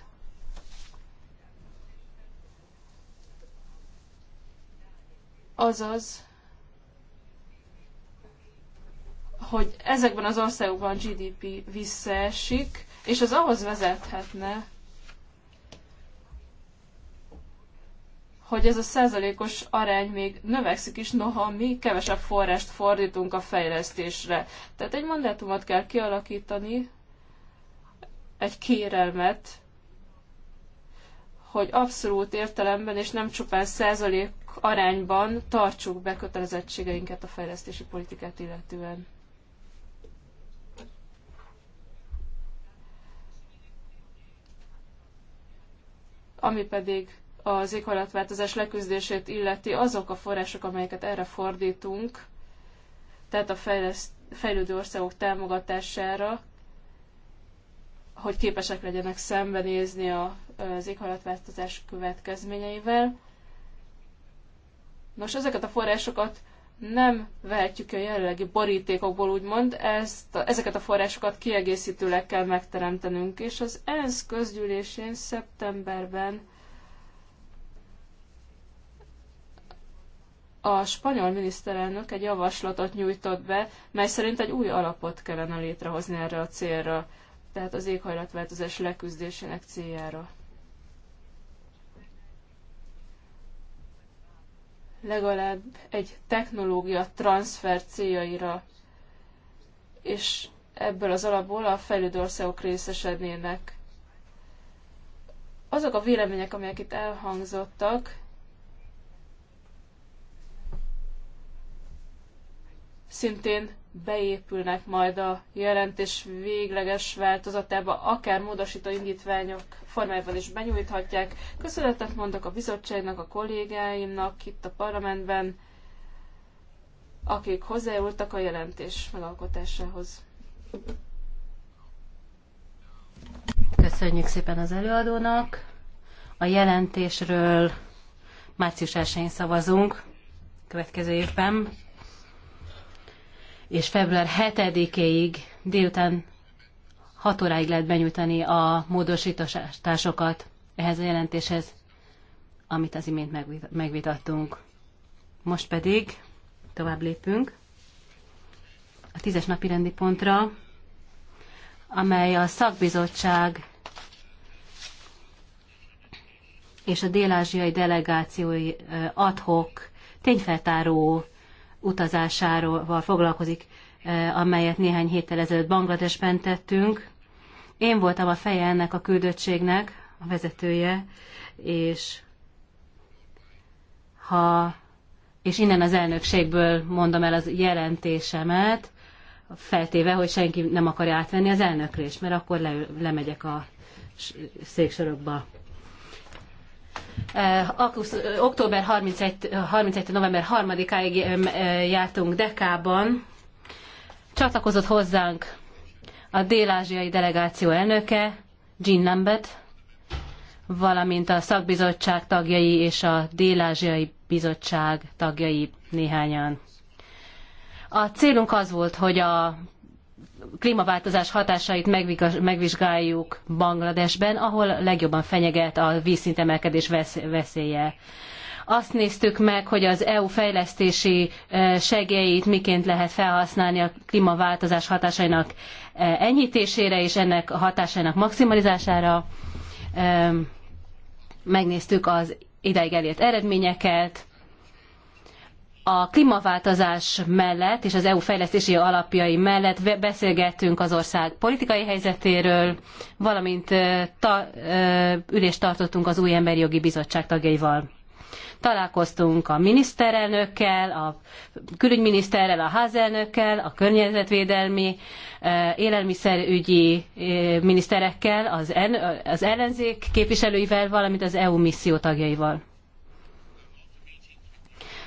Azaz, hogy ezekben az országokban a GDP visszaesik, és az ahhoz vezethetne, hogy ez a százalékos arány még növekszik is, noha mi kevesebb forrást fordítunk a fejlesztésre. Tehát egy mandátumot kell kialakítani, egy kérelmet, hogy abszolút értelemben és nem csupán százalék arányban tartsuk be kötelezettségeinket a fejlesztési politikát illetően. Ami pedig az éghajlatváltozás leküzdését illeti, azok a források, amelyeket erre fordítunk, tehát a fejleszt, fejlődő országok támogatására, hogy képesek legyenek szembenézni a, az éghajlatváltozás következményeivel. Nos, ezeket a forrásokat nem vehetjük a jelenlegi borítékokból, úgymond, ezt, ezeket a forrásokat kiegészítőleg kell megteremtenünk, és az ENSZ közgyűlésén szeptemberben a spanyol miniszterelnök egy javaslatot nyújtott be, mely szerint egy új alapot kellene létrehozni erre a célra, tehát az éghajlatváltozás leküzdésének céljára. Legalább egy technológia transfer céljaira, és ebből az alapból a fejlődő országok részesednének. Azok a vélemények, amelyek itt elhangzottak, szintén beépülnek majd a jelentés végleges változatába, akár módosító indítványok formájában is benyújthatják. Köszönetet mondok a bizottságnak, a kollégáimnak itt a parlamentben, akik hozzájárultak a jelentés megalkotásához. Köszönjük szépen az előadónak. A jelentésről március 1-én szavazunk következő évben és február 7-éig délután 6 óráig lehet benyújtani a módosításokat ehhez a jelentéshez, amit az imént megvitattunk. Most pedig tovább lépünk a tízes napi rendi pontra, amely a szakbizottság és a dél-ázsiai delegációi adhok tényfeltáró utazásáról foglalkozik, eh, amelyet néhány héttel ezelőtt Bangladesben tettünk. Én voltam a feje ennek a küldöttségnek, a vezetője, és ha és innen az elnökségből mondom el az jelentésemet, feltéve, hogy senki nem akarja átvenni az elnöklést, mert akkor le, lemegyek a széksorokba. Eh, október 31, 31. november 3-áig jártunk Dekában. Csatlakozott hozzánk a dél-ázsiai delegáció elnöke, Jean Lambert, valamint a szakbizottság tagjai és a dél-ázsiai bizottság tagjai néhányan. A célunk az volt, hogy a klímaváltozás hatásait megvizsgáljuk Bangladesben, ahol legjobban fenyeget a vízszintemelkedés veszélye. Azt néztük meg, hogy az EU fejlesztési e, segélyeit miként lehet felhasználni a klímaváltozás hatásainak e, enyhítésére és ennek hatásainak maximalizására. Megnéztük az ideig elért eredményeket, a klímaváltozás mellett és az EU fejlesztési alapjai mellett beszélgettünk az ország politikai helyzetéről, valamint ta, ülést tartottunk az új emberi jogi bizottság tagjaival. Találkoztunk a miniszterelnökkel, a külügyminiszterrel, a házelnökkel, a környezetvédelmi, élelmiszerügyi miniszterekkel, az, en, az ellenzék képviselőivel, valamint az EU misszió tagjaival.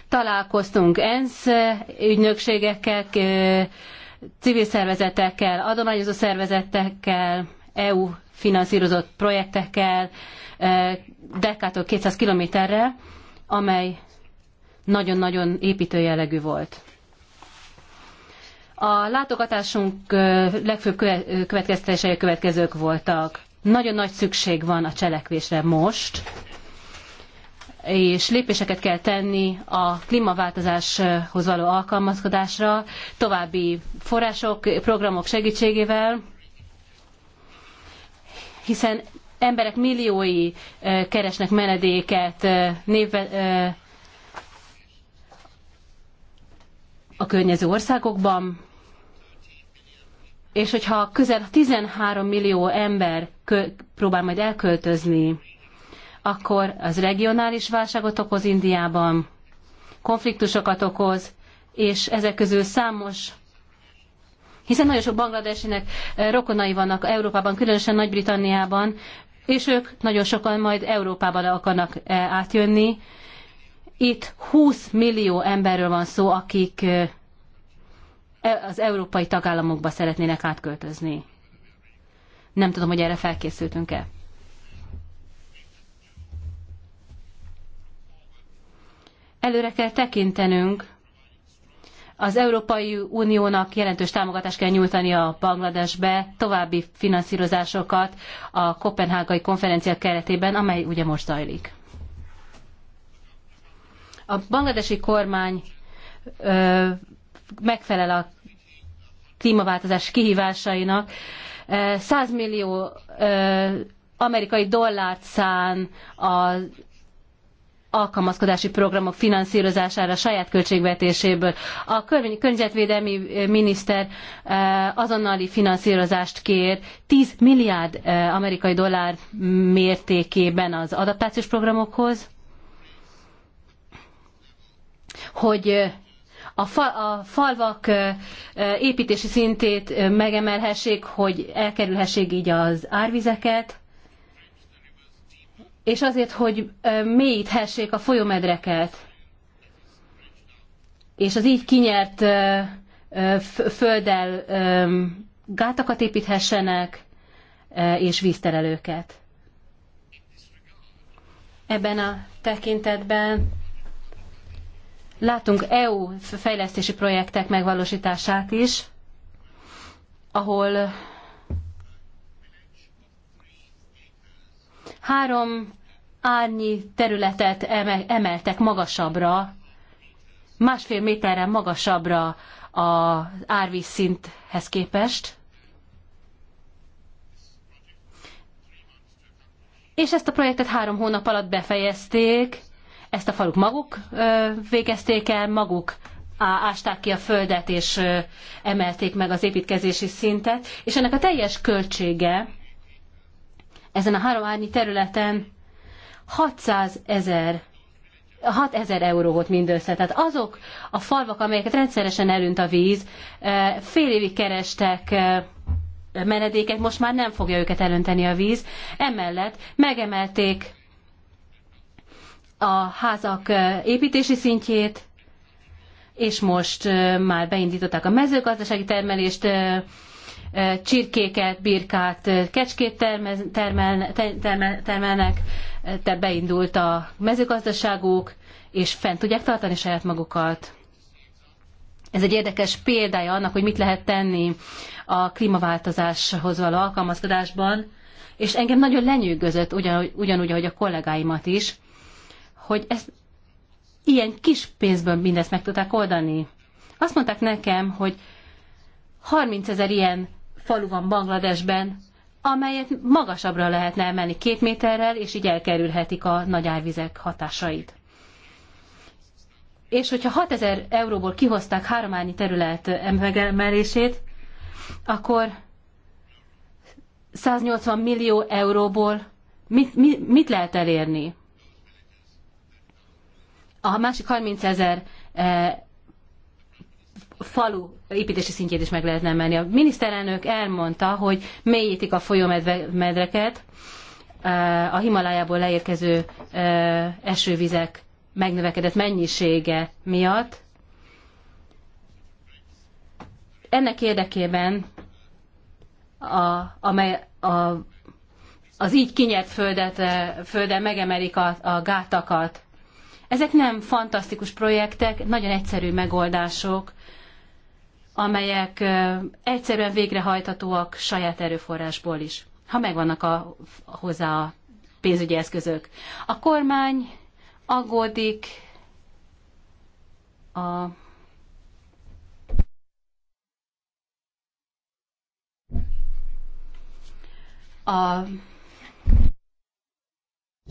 Találkoztunk ENSZ eh, ügynökségekkel, eh, civil szervezetekkel, adományozó szervezetekkel, EU finanszírozott projektekkel, eh, Dekától 200 kilométerre, amely nagyon-nagyon építő jellegű volt. A látogatásunk legfőbb következtetései következők voltak. Nagyon nagy szükség van a cselekvésre most, és lépéseket kell tenni a klímaváltozáshoz való alkalmazkodásra, további források, programok segítségével, hiszen emberek milliói keresnek menedéket névve, a környező országokban, és hogyha közel 13 millió ember próbál majd elköltözni akkor az regionális válságot okoz Indiában, konfliktusokat okoz, és ezek közül számos hiszen nagyon sok bangladesinek eh, rokonai vannak Európában, különösen Nagy-Britanniában, és ők nagyon sokan majd Európában akarnak eh, átjönni. Itt 20 millió emberről van szó, akik eh, az európai tagállamokba szeretnének átköltözni. Nem tudom, hogy erre felkészültünk-e. Előre kell tekintenünk, az Európai Uniónak jelentős támogatást kell nyújtani a Bangladesbe, további finanszírozásokat a Kopenhágai konferencia keretében, amely ugye most zajlik. A bangladesi kormány ö, megfelel a klímaváltozás kihívásainak. 100 millió ö, amerikai dollárt szán a alkalmazkodási programok finanszírozására saját költségvetéséből. A környezetvédelmi eh, miniszter eh, azonnali finanszírozást kér 10 milliárd eh, amerikai dollár mértékében az adaptációs programokhoz, hogy a, fal, a falvak építési szintét megemelhessék, hogy elkerülhessék így az árvizeket, és azért, hogy mélyíthessék a folyómedreket. És az így kinyert földdel gátakat építhessenek, és vízterelőket. Ebben a tekintetben látunk EU fejlesztési projektek megvalósítását is, ahol Három árnyi területet emeltek magasabbra, másfél méterre magasabbra az árvízszinthez képest. És ezt a projektet három hónap alatt befejezték, ezt a faluk maguk végezték el, maguk ásták ki a földet és emelték meg az építkezési szintet, és ennek a teljes költsége ezen a három árnyi területen 600 ezer 6 ezer euró volt mindössze. Tehát azok a falvak, amelyeket rendszeresen elünt a víz, eh, fél évig kerestek eh, menedéket, most már nem fogja őket elönteni a víz. Emellett megemelték a házak eh, építési szintjét, és most már beindították a mezőgazdasági termelést, csirkéket, birkát, kecskét termel, termel, termel, termelnek, te beindult a mezőgazdaságuk, és fent tudják tartani saját magukat. Ez egy érdekes példája annak, hogy mit lehet tenni a klímaváltozáshoz való alkalmazkodásban, és engem nagyon lenyűgözött, ugyanúgy, ugyanúgy ahogy a kollégáimat is, hogy ezt ilyen kis pénzből mindezt meg tudták oldani. Azt mondták nekem, hogy 30 ezer ilyen falu van Bangladesben, amelyet magasabbra lehetne emelni két méterrel, és így elkerülhetik a nagy árvizek hatásait. És hogyha 6000 euróból kihozták hárományi terület emelését, akkor 180 millió euróból mit, mit, mit lehet elérni? A másik 30 ezer falu építési szintjét is meg lehetne menni. A miniszterelnök elmondta, hogy mélyítik a folyómedreket, eh, a Himalájából leérkező eh, esővizek megnövekedett mennyisége miatt. Ennek érdekében a, amely a, az így kinyert földet, eh, földet megemelik a, a gátakat. Ezek nem fantasztikus projektek, nagyon egyszerű megoldások, amelyek egyszerűen végrehajthatóak saját erőforrásból is, ha megvannak a, hozzá a pénzügyi eszközök. A kormány aggódik a a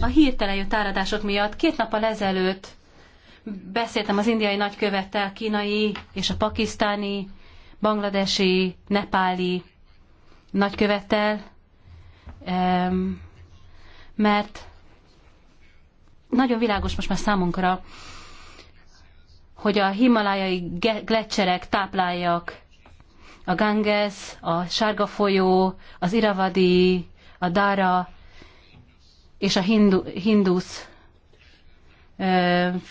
a hirtelen jött áradások miatt két nappal ezelőtt beszéltem az indiai nagykövettel, kínai és a pakisztáni bangladesi, nepáli nagykövettel, mert nagyon világos most már számunkra, hogy a himalájai gletszerek táplálják a Ganges, a Sárga folyó, az Iravadi, a Dara és a Hindu, Hindus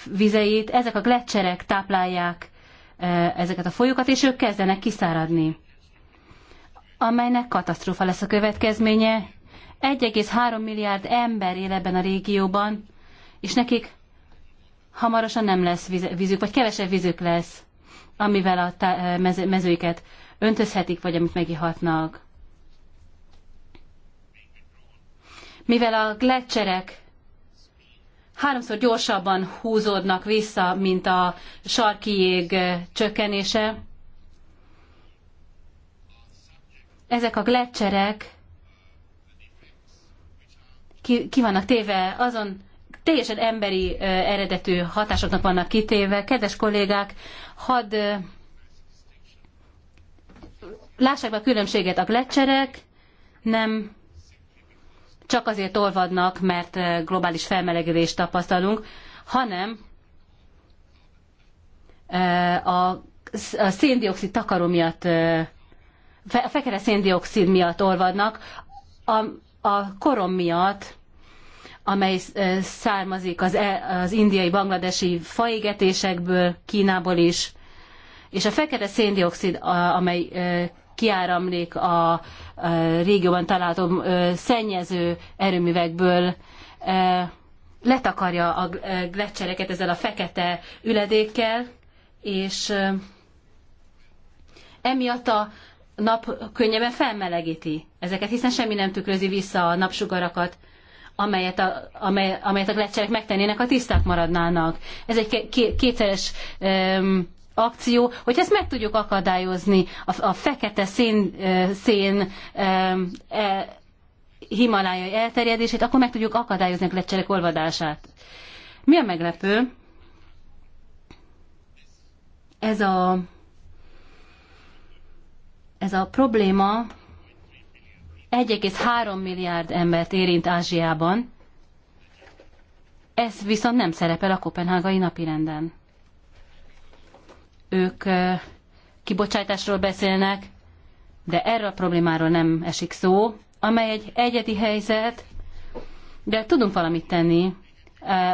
vizeit. Ezek a gletszerek táplálják E, ezeket a folyókat, és ők kezdenek kiszáradni, amelynek katasztrófa lesz a következménye. 1,3 milliárd ember él ebben a régióban, és nekik hamarosan nem lesz vízük, vagy kevesebb vízük lesz, amivel a e, mezőiket öntözhetik, vagy amit megihatnak. Mivel a gletszerek háromszor gyorsabban húzódnak vissza, mint a sarki jég eh, csökkenése. Ezek a gletszerek ki, ki vannak téve azon teljesen emberi eh, eredetű hatásoknak vannak kitéve. Kedves kollégák, hadd eh, lássák be a különbséget a gletszerek, nem csak azért olvadnak, mert globális felmelegedést tapasztalunk, hanem a széndiokszid takaró miatt, a fekete széndiokszid miatt olvadnak, a, a korom miatt, amely származik az, e, az indiai bangladesi faégetésekből, Kínából is, és a fekete széndiokszid, amely kiáramlik a régióban található szennyező erőművekből, letakarja a gletszereket ezzel a fekete üledékkel, és emiatt a nap könnyebben felmelegíti ezeket, hiszen semmi nem tükrözi vissza a napsugarakat, amelyet a, amely, amelyet a gletszerek megtennének, ha tiszták maradnának. Ez egy kétszeres akció, hogy ezt meg tudjuk akadályozni a, a fekete szén, szén e, himalájai elterjedését, akkor meg tudjuk akadályozni a lecserek olvadását. Mi a meglepő? Ez a, ez a probléma 1,3 milliárd embert érint Ázsiában, ez viszont nem szerepel a kopenhágai napirenden ők kibocsátásról beszélnek, de erről a problémáról nem esik szó, amely egy egyedi helyzet, de tudunk valamit tenni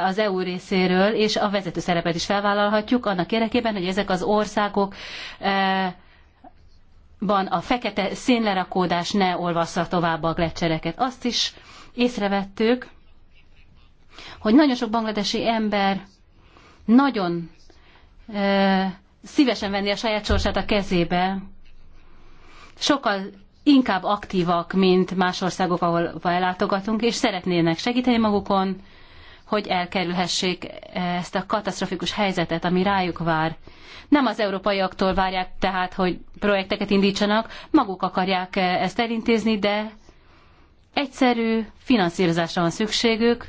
az EU részéről, és a vezető szerepet is felvállalhatjuk annak érdekében, hogy ezek az országok van a fekete szénlerakódás ne olvassza tovább a gletszereket. Azt is észrevettük, hogy nagyon sok bangladesi ember nagyon szívesen venni a saját sorsát a kezébe, sokkal inkább aktívak, mint más országok, ahol ellátogatunk, és szeretnének segíteni magukon, hogy elkerülhessék ezt a katasztrofikus helyzetet, ami rájuk vár. Nem az európaiaktól várják tehát, hogy projekteket indítsanak, maguk akarják ezt elintézni, de egyszerű finanszírozásra van szükségük,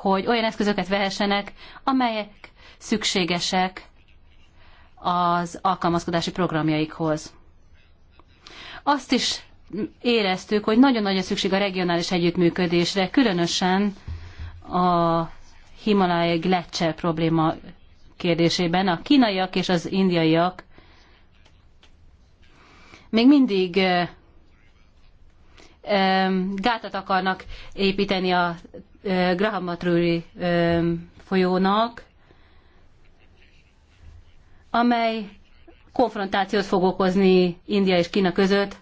hogy olyan eszközöket vehessenek, amelyek szükségesek az alkalmazkodási programjaikhoz. Azt is éreztük, hogy nagyon nagy a szükség a regionális együttműködésre, különösen a Himalája lecse probléma kérdésében. A kínaiak és az indiaiak még mindig gátat akarnak építeni a Graham Matruri folyónak, amely konfrontációt fog okozni India és Kína között,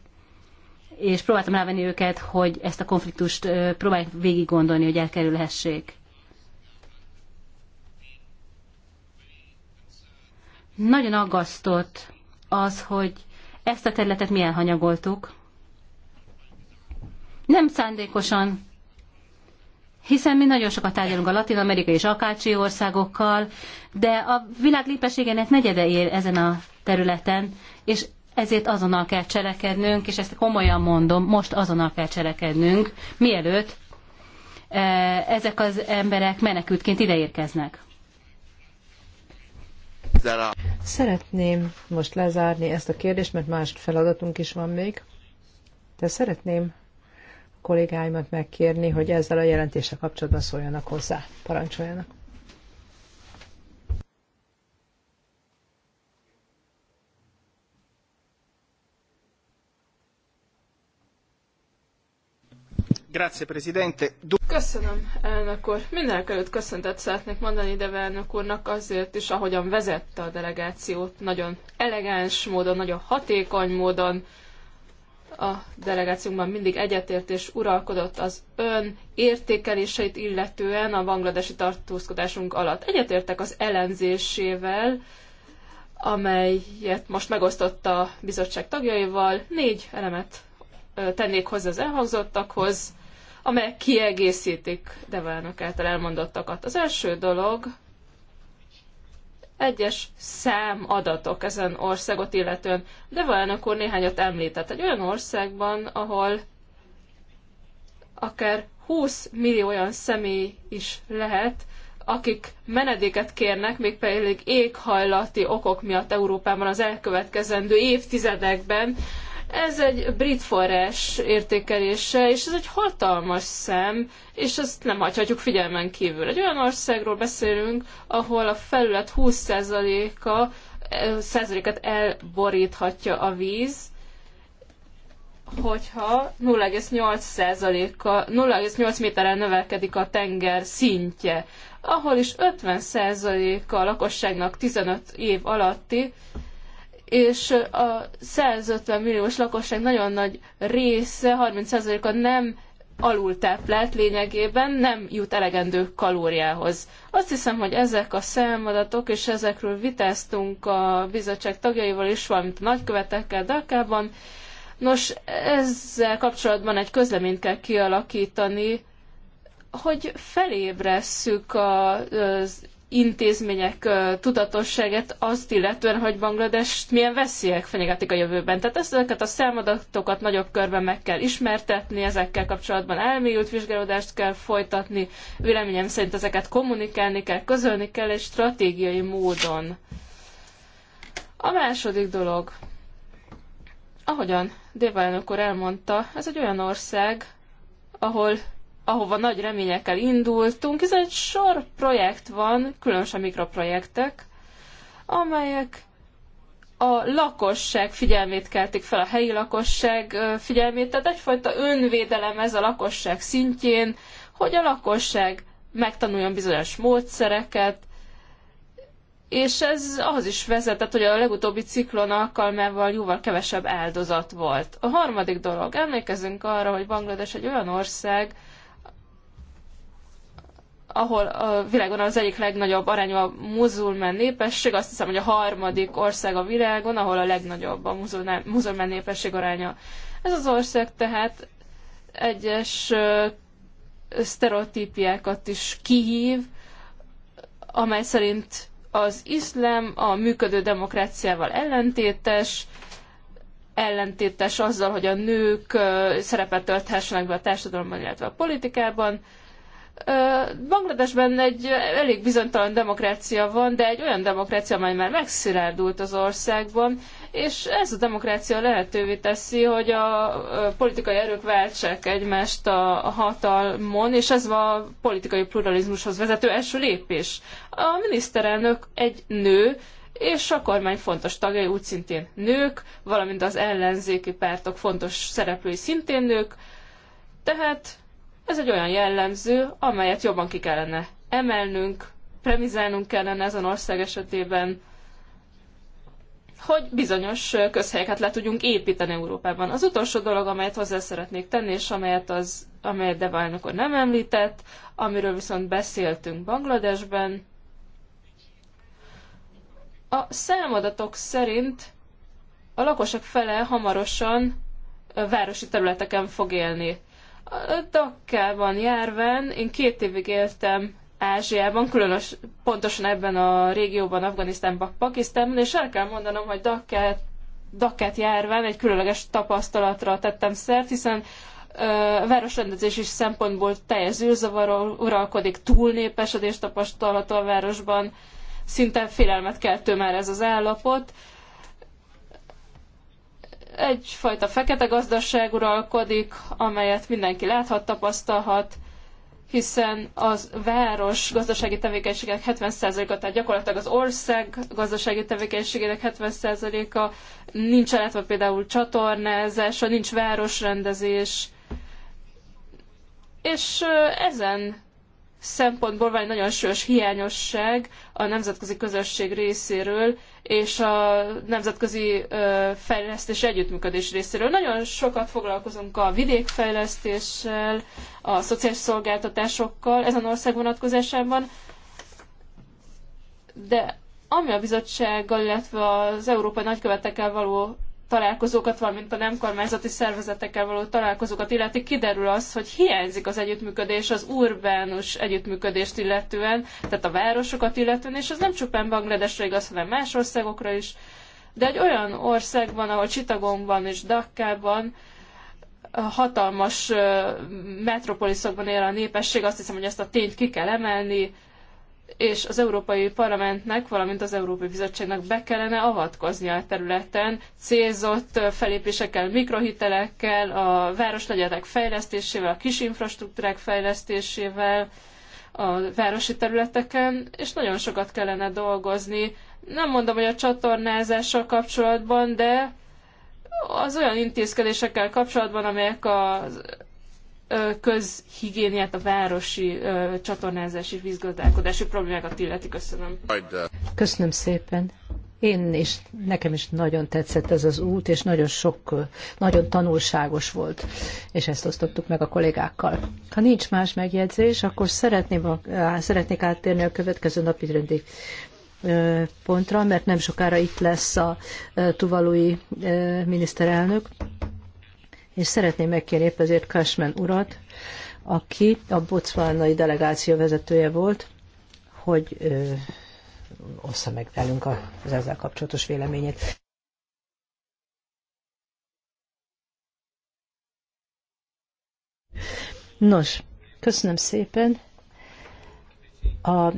és próbáltam rávenni őket, hogy ezt a konfliktust próbálják végig gondolni, hogy elkerülhessék. Nagyon aggasztott az, hogy ezt a területet mi elhanyagoltuk. Nem szándékosan hiszen mi nagyon sokat tárgyalunk a latin-amerikai és akácsi országokkal, de a világ népességének negyede él ezen a területen, és ezért azonnal kell cselekednünk, és ezt komolyan mondom, most azonnal kell cselekednünk, mielőtt e, ezek az emberek menekültként ideérkeznek. Szeretném most lezárni ezt a kérdést, mert más feladatunk is van még. De szeretném kollégáimat megkérni, hogy ezzel a jelentéssel kapcsolatban szóljanak hozzá. Parancsoljanak. Köszönöm, elnök úr. Mindenek előtt köszöntet szeretnék mondani Deve elnök úrnak azért is, ahogyan vezette a delegációt, nagyon elegáns módon, nagyon hatékony módon, a delegációnkban mindig egyetértés uralkodott az ön értékeléseit illetően a bangladesi tartózkodásunk alatt. Egyetértek az elemzésével, amelyet most megosztott a bizottság tagjaival. Négy elemet tennék hozzá az elhangzottakhoz, amelyek kiegészítik Develnök által elmondottakat. Az első dolog, egyes számadatok ezen országot illetően. De elnök úr néhányat említett. Egy olyan országban, ahol akár 20 millió olyan személy is lehet, akik menedéket kérnek, még pedig éghajlati okok miatt Európában az elkövetkezendő évtizedekben, ez egy brit forrás értékelése, és ez egy hatalmas szem, és ezt nem hagyhatjuk figyelmen kívül. Egy olyan országról beszélünk, ahol a felület 20%-a eh, százalékát elboríthatja a víz, hogyha 0,8%-a, 0,8 méterrel növelkedik a tenger szintje, ahol is 50%-a a lakosságnak 15 év alatti, és a 150 milliós lakosság nagyon nagy része, 30%-a nem alultáplált lényegében nem jut elegendő kalóriához. Azt hiszem, hogy ezek a számadatok, és ezekről vitáztunk a bizottság tagjaival is, valamint a nagykövetekkel Dakában. Nos, ezzel kapcsolatban egy közleményt kell kialakítani, hogy felébresszük az intézmények tudatosságát azt illetően, hogy Bangladest milyen veszélyek fenyegetik a jövőben. Tehát ezeket a számadatokat nagyobb körben meg kell ismertetni, ezekkel kapcsolatban elmélyült vizsgálódást kell folytatni, véleményem szerint ezeket kommunikálni kell, közölni kell egy stratégiai módon. A második dolog, ahogyan Déva elnök úr elmondta, ez egy olyan ország, ahol ahova nagy reményekkel indultunk, hiszen egy sor projekt van, különösen mikroprojektek, amelyek a lakosság figyelmét keltik fel, a helyi lakosság figyelmét, tehát egyfajta önvédelem ez a lakosság szintjén, hogy a lakosság megtanuljon bizonyos módszereket, és ez az is vezetett, hogy a legutóbbi ciklon alkalmával jóval kevesebb áldozat volt. A harmadik dolog, emlékezünk arra, hogy Banglades egy olyan ország, ahol a világon az egyik legnagyobb arányú a muzulmán népesség, azt hiszem, hogy a harmadik ország a világon, ahol a legnagyobb a muzulmán népesség aránya. Ez az ország tehát egyes sztereotípiákat is kihív, amely szerint az iszlám a működő demokráciával ellentétes, ellentétes azzal, hogy a nők szerepet tölthessenek be a társadalomban, illetve a politikában, Bangladesben egy elég bizonytalan demokrácia van, de egy olyan demokrácia, amely már megszilárdult az országban, és ez a demokrácia lehetővé teszi, hogy a politikai erők váltsák egymást a hatalmon, és ez a politikai pluralizmushoz vezető első lépés. A miniszterelnök egy nő, és a kormány fontos tagjai úgy szintén nők, valamint az ellenzéki pártok fontos szereplői szintén nők, tehát ez egy olyan jellemző, amelyet jobban ki kellene emelnünk, premizálnunk kellene ezen ország esetében, hogy bizonyos közhelyeket le tudjunk építeni Európában. Az utolsó dolog, amelyet hozzá szeretnék tenni, és amelyet, az, amelyet Devine akkor nem említett, amiről viszont beszéltünk Bangladesben, a számadatok szerint a lakosok fele hamarosan városi területeken fog élni van járván én két évig éltem Ázsiában, különös pontosan ebben a régióban, Afganisztánban, Pakisztánban, és el kell mondanom, hogy Dakket, Dakket járván egy különleges tapasztalatra tettem szert, hiszen a városrendezési szempontból teljes zűrzavar uralkodik, túlnépesedés tapasztalható a városban, szinte félelmet keltő már ez az állapot. Egyfajta fekete gazdaság uralkodik, amelyet mindenki láthat, tapasztalhat, hiszen az város gazdasági tevékenységek 70%-a, tehát gyakorlatilag az ország gazdasági tevékenységének 70%-a nincs ellátva például csatornázása, nincs városrendezés, és ezen szempontból van egy nagyon súlyos hiányosság a nemzetközi közösség részéről és a nemzetközi fejlesztés együttműködés részéről. Nagyon sokat foglalkozunk a vidékfejlesztéssel, a szociális szolgáltatásokkal ezen ország vonatkozásában, de ami a bizottsággal, illetve az európai nagykövetekkel való találkozókat, valamint a nem kormányzati szervezetekkel való találkozókat illeti, kiderül az, hogy hiányzik az együttműködés az urbánus együttműködést illetően, tehát a városokat illetően, és ez nem csupán Bangladesre igaz, hanem más országokra is. De egy olyan országban, ahol Csitagomban és Dakkában hatalmas metropoliszokban él a népesség, azt hiszem, hogy ezt a tényt ki kell emelni, és az Európai Parlamentnek, valamint az Európai Bizottságnak be kellene avatkoznia a területen célzott felépésekkel, mikrohitelekkel, a városlegyetek fejlesztésével, a kis infrastruktúrák fejlesztésével, a városi területeken, és nagyon sokat kellene dolgozni. Nem mondom, hogy a csatornázással kapcsolatban, de az olyan intézkedésekkel kapcsolatban, amelyek az közhigiéniát a városi csatornázás és vízgazdálkodási problémákat illeti. Köszönöm. Köszönöm szépen. Én is, nekem is nagyon tetszett ez az út, és nagyon sok, nagyon tanulságos volt, és ezt osztottuk meg a kollégákkal. Ha nincs más megjegyzés, akkor szeretném szeretnék áttérni a következő napi rendi pontra, mert nem sokára itt lesz a tuvalui miniszterelnök, és szeretném megkérni épp ezért Kasmen urat, aki a bocvánai delegáció vezetője volt, hogy ö, ossza meg velünk az ezzel kapcsolatos véleményét. Nos, köszönöm szépen. A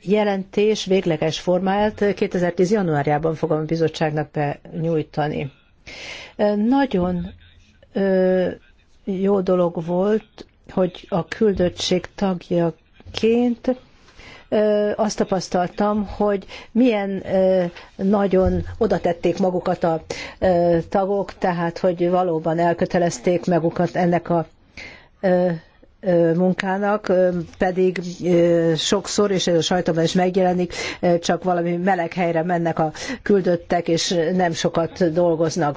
jelentés végleges formáját 2010. januárjában fogom a bizottságnak benyújtani. Nagyon jó dolog volt, hogy a küldöttség tagjaként azt tapasztaltam, hogy milyen nagyon oda tették magukat a tagok, tehát hogy valóban elkötelezték magukat ennek a munkának, pedig sokszor, és ez a sajtóban is megjelenik, csak valami meleg helyre mennek a küldöttek, és nem sokat dolgoznak.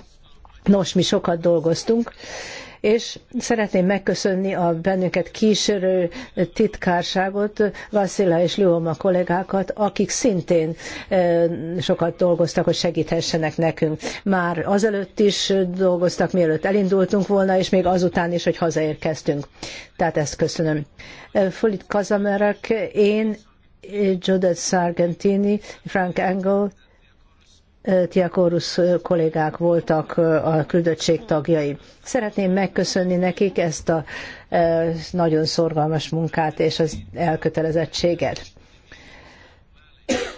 Nos, mi sokat dolgoztunk, és szeretném megköszönni a bennünket kísérő titkárságot, Vasszila és Lioma kollégákat, akik szintén e, sokat dolgoztak, hogy segíthessenek nekünk. Már azelőtt is dolgoztak, mielőtt elindultunk volna, és még azután is, hogy hazaérkeztünk. Tehát ezt köszönöm. E, Fulit Kazamerek, én, Judith Sargentini, Frank Engel, Tiakorusz kollégák voltak a küldöttség tagjai. Szeretném megköszönni nekik ezt a nagyon szorgalmas munkát és az elkötelezettséget.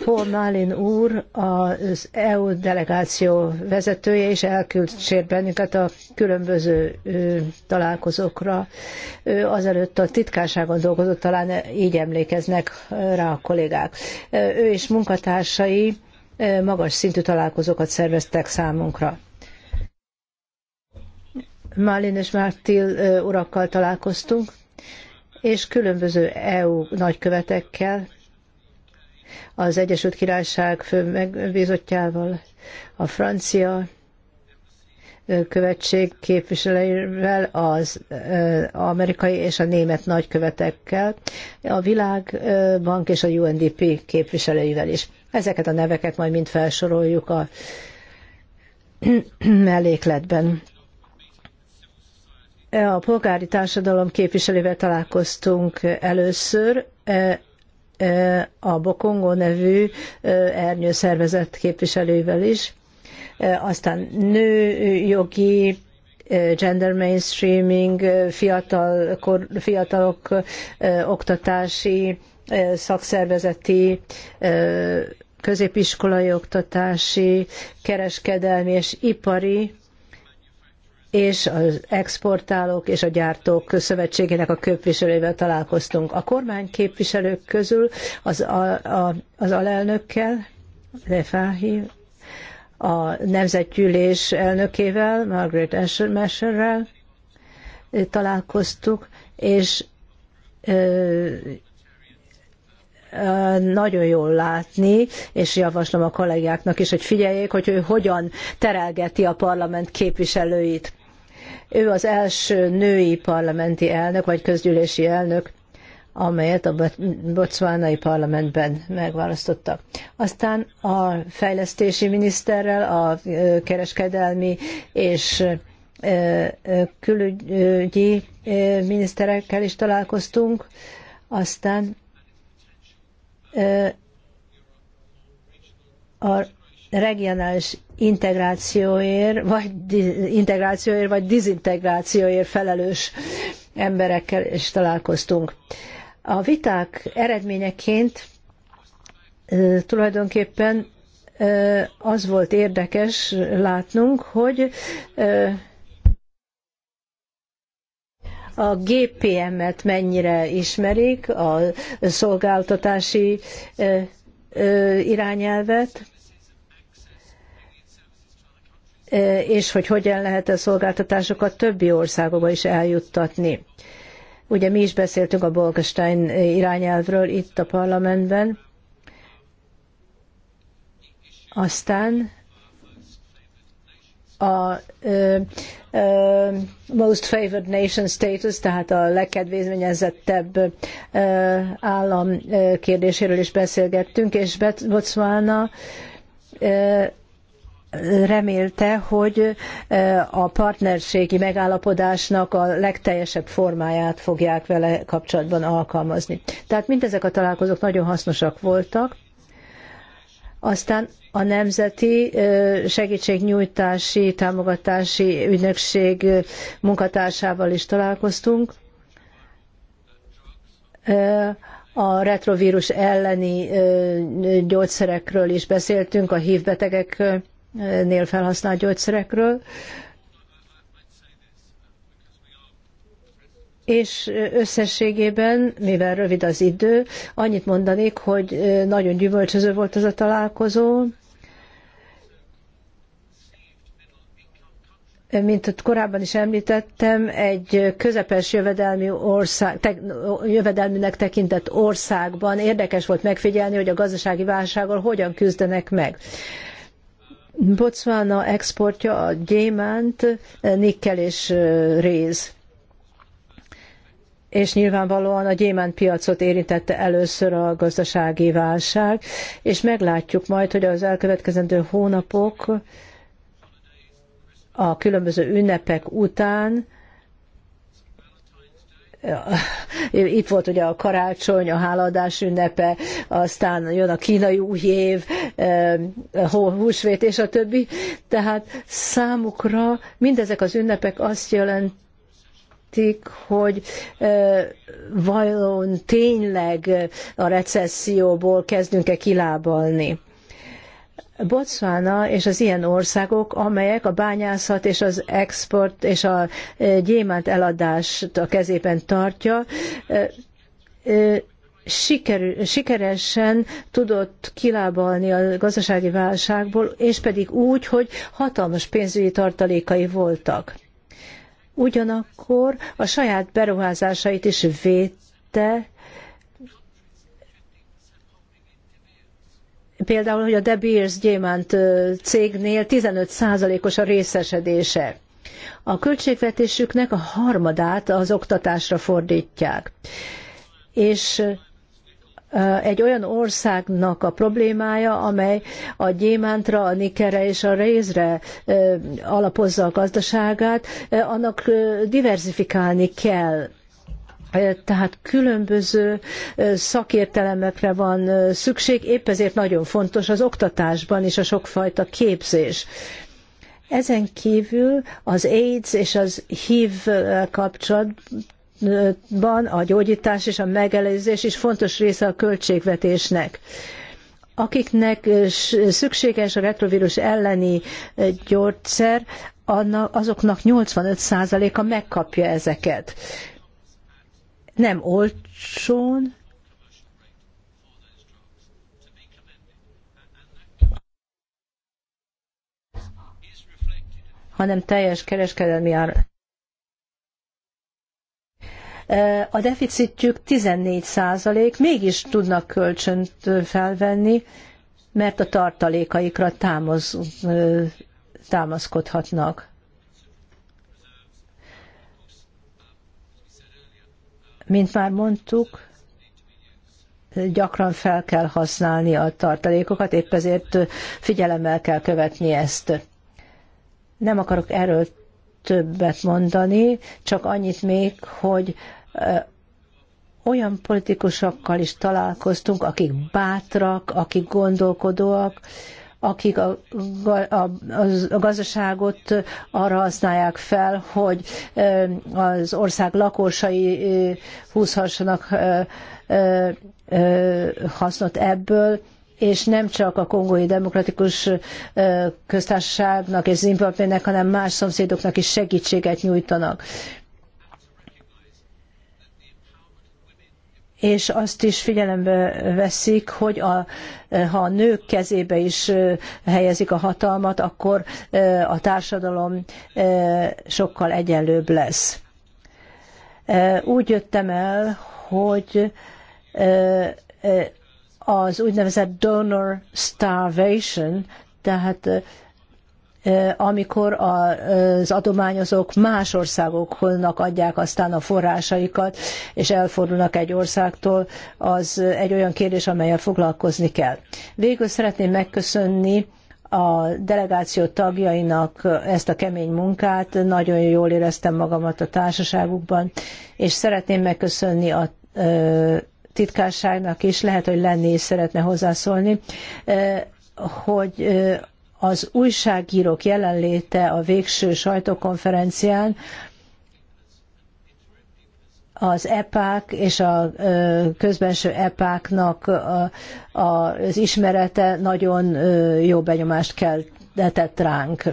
Paul Malin úr, az EU delegáció vezetője, és elküldtsért bennünket a különböző találkozókra. Ő azelőtt a titkárságon dolgozott, talán így emlékeznek rá a kollégák. Ő és munkatársai magas szintű találkozókat szerveztek számunkra. Málin és Mártil urakkal találkoztunk, és különböző EU nagykövetekkel, az Egyesült Királyság fő megbízottjával, a francia követség képviselőivel, az amerikai és a német nagykövetekkel, a Világbank és a UNDP képviselőivel is. Ezeket a neveket majd mind felsoroljuk a mellékletben. A polgári társadalom képviselővel találkoztunk először, a Bokongo nevű ernyőszervezet képviselőivel is, aztán nőjogi, gender mainstreaming, fiatal, kor, fiatalok oktatási, szakszervezeti, középiskolai oktatási, kereskedelmi és ipari és az exportálók és a gyártók szövetségének a képviselővel találkoztunk. A kormány képviselők közül az, a, a, az alelnökkel, Lefahi a nemzetgyűlés elnökével, Margaret Asher-Masherrel eh, találkoztuk, és eh, eh, nagyon jól látni, és javaslom a kollégáknak is, hogy figyeljék, hogy ő hogyan terelgeti a parlament képviselőit. Ő az első női parlamenti elnök, vagy közgyűlési elnök, amelyet a bocvánai parlamentben megválasztottak. Aztán a fejlesztési miniszterrel, a kereskedelmi és külügyi miniszterekkel is találkoztunk, aztán a regionális integrációért, vagy integrációért, vagy dizintegrációért felelős emberekkel is találkoztunk. A viták eredményeként tulajdonképpen az volt érdekes látnunk, hogy a GPM-et mennyire ismerik, a szolgáltatási irányelvet, és hogy hogyan lehet a szolgáltatásokat többi országokba is eljuttatni. Ugye mi is beszéltünk a Bolkestein irányelvről itt a parlamentben. Aztán a uh, uh, Most Favored Nation Status, tehát a legkedvezményezettebb uh, állam kérdéséről is beszélgettünk, és Botswana remélte, hogy a partnerségi megállapodásnak a legteljesebb formáját fogják vele kapcsolatban alkalmazni. Tehát mindezek a találkozók nagyon hasznosak voltak. Aztán a Nemzeti Segítségnyújtási Támogatási Ügynökség munkatársával is találkoztunk a retrovírus elleni gyógyszerekről is beszéltünk, a HIV betegek nél felhasznált gyógyszerekről. És összességében, mivel rövid az idő, annyit mondanék, hogy nagyon gyümölcsöző volt ez a találkozó, mint korábban is említettem, egy közepes jövedelmi ország, te, jövedelműnek tekintett országban érdekes volt megfigyelni, hogy a gazdasági válsággal hogyan küzdenek meg. Botswana exportja a gyémánt, eh, nikkel és eh, réz. És nyilvánvalóan a gyémánt piacot érintette először a gazdasági válság, és meglátjuk majd, hogy az elkövetkezendő hónapok a különböző ünnepek után itt volt ugye a karácsony, a háladás ünnepe, aztán jön a kínai új év, húsvét és a többi. Tehát számukra mindezek az ünnepek azt jelent, hogy vajon tényleg a recesszióból kezdünk-e kilábalni Botswana és az ilyen országok, amelyek a bányászat és az export és a e, gyémánt eladást a kezében tartja, e, e, sikeresen tudott kilábalni a gazdasági válságból, és pedig úgy, hogy hatalmas pénzügyi tartalékai voltak. Ugyanakkor a saját beruházásait is védte, például, hogy a De Beers gyémánt cégnél 15%-os a részesedése. A költségvetésüknek a harmadát az oktatásra fordítják. És egy olyan országnak a problémája, amely a gyémántra, a nikelre és a rézre alapozza a gazdaságát, annak diversifikálni kell tehát különböző szakértelemekre van szükség, épp ezért nagyon fontos az oktatásban is a sokfajta képzés. Ezen kívül az AIDS és az HIV kapcsolatban a gyógyítás és a megelőzés is fontos része a költségvetésnek akiknek szükséges a retrovírus elleni gyógyszer, azoknak 85%-a megkapja ezeket nem olcsón, hanem teljes kereskedelmi ár. A deficitjük 14 százalék, mégis tudnak kölcsönt felvenni, mert a tartalékaikra támasz, támaszkodhatnak. Mint már mondtuk, gyakran fel kell használni a tartalékokat, épp ezért figyelemmel kell követni ezt. Nem akarok erről többet mondani, csak annyit még, hogy olyan politikusokkal is találkoztunk, akik bátrak, akik gondolkodóak, akik a, a, a gazdaságot arra használják fel, hogy az ország lakosai húzhassanak hasznot ebből, és nem csak a kongói demokratikus köztársaságnak és Zimbabvének, hanem más szomszédoknak is segítséget nyújtanak. és azt is figyelembe veszik, hogy a, ha a nők kezébe is helyezik a hatalmat, akkor a társadalom sokkal egyenlőbb lesz. Úgy jöttem el, hogy az úgynevezett donor starvation, tehát amikor az adományozók más országoknak adják aztán a forrásaikat, és elfordulnak egy országtól, az egy olyan kérdés, amelyel foglalkozni kell. Végül szeretném megköszönni a delegáció tagjainak ezt a kemény munkát, nagyon jól éreztem magamat a társaságukban, és szeretném megköszönni a titkárságnak is, lehet, hogy lenni is szeretne hozzászólni, hogy az újságírók jelenléte a végső sajtókonferencián az epák és a közbenső epáknak az ismerete nagyon jó benyomást keltett ránk.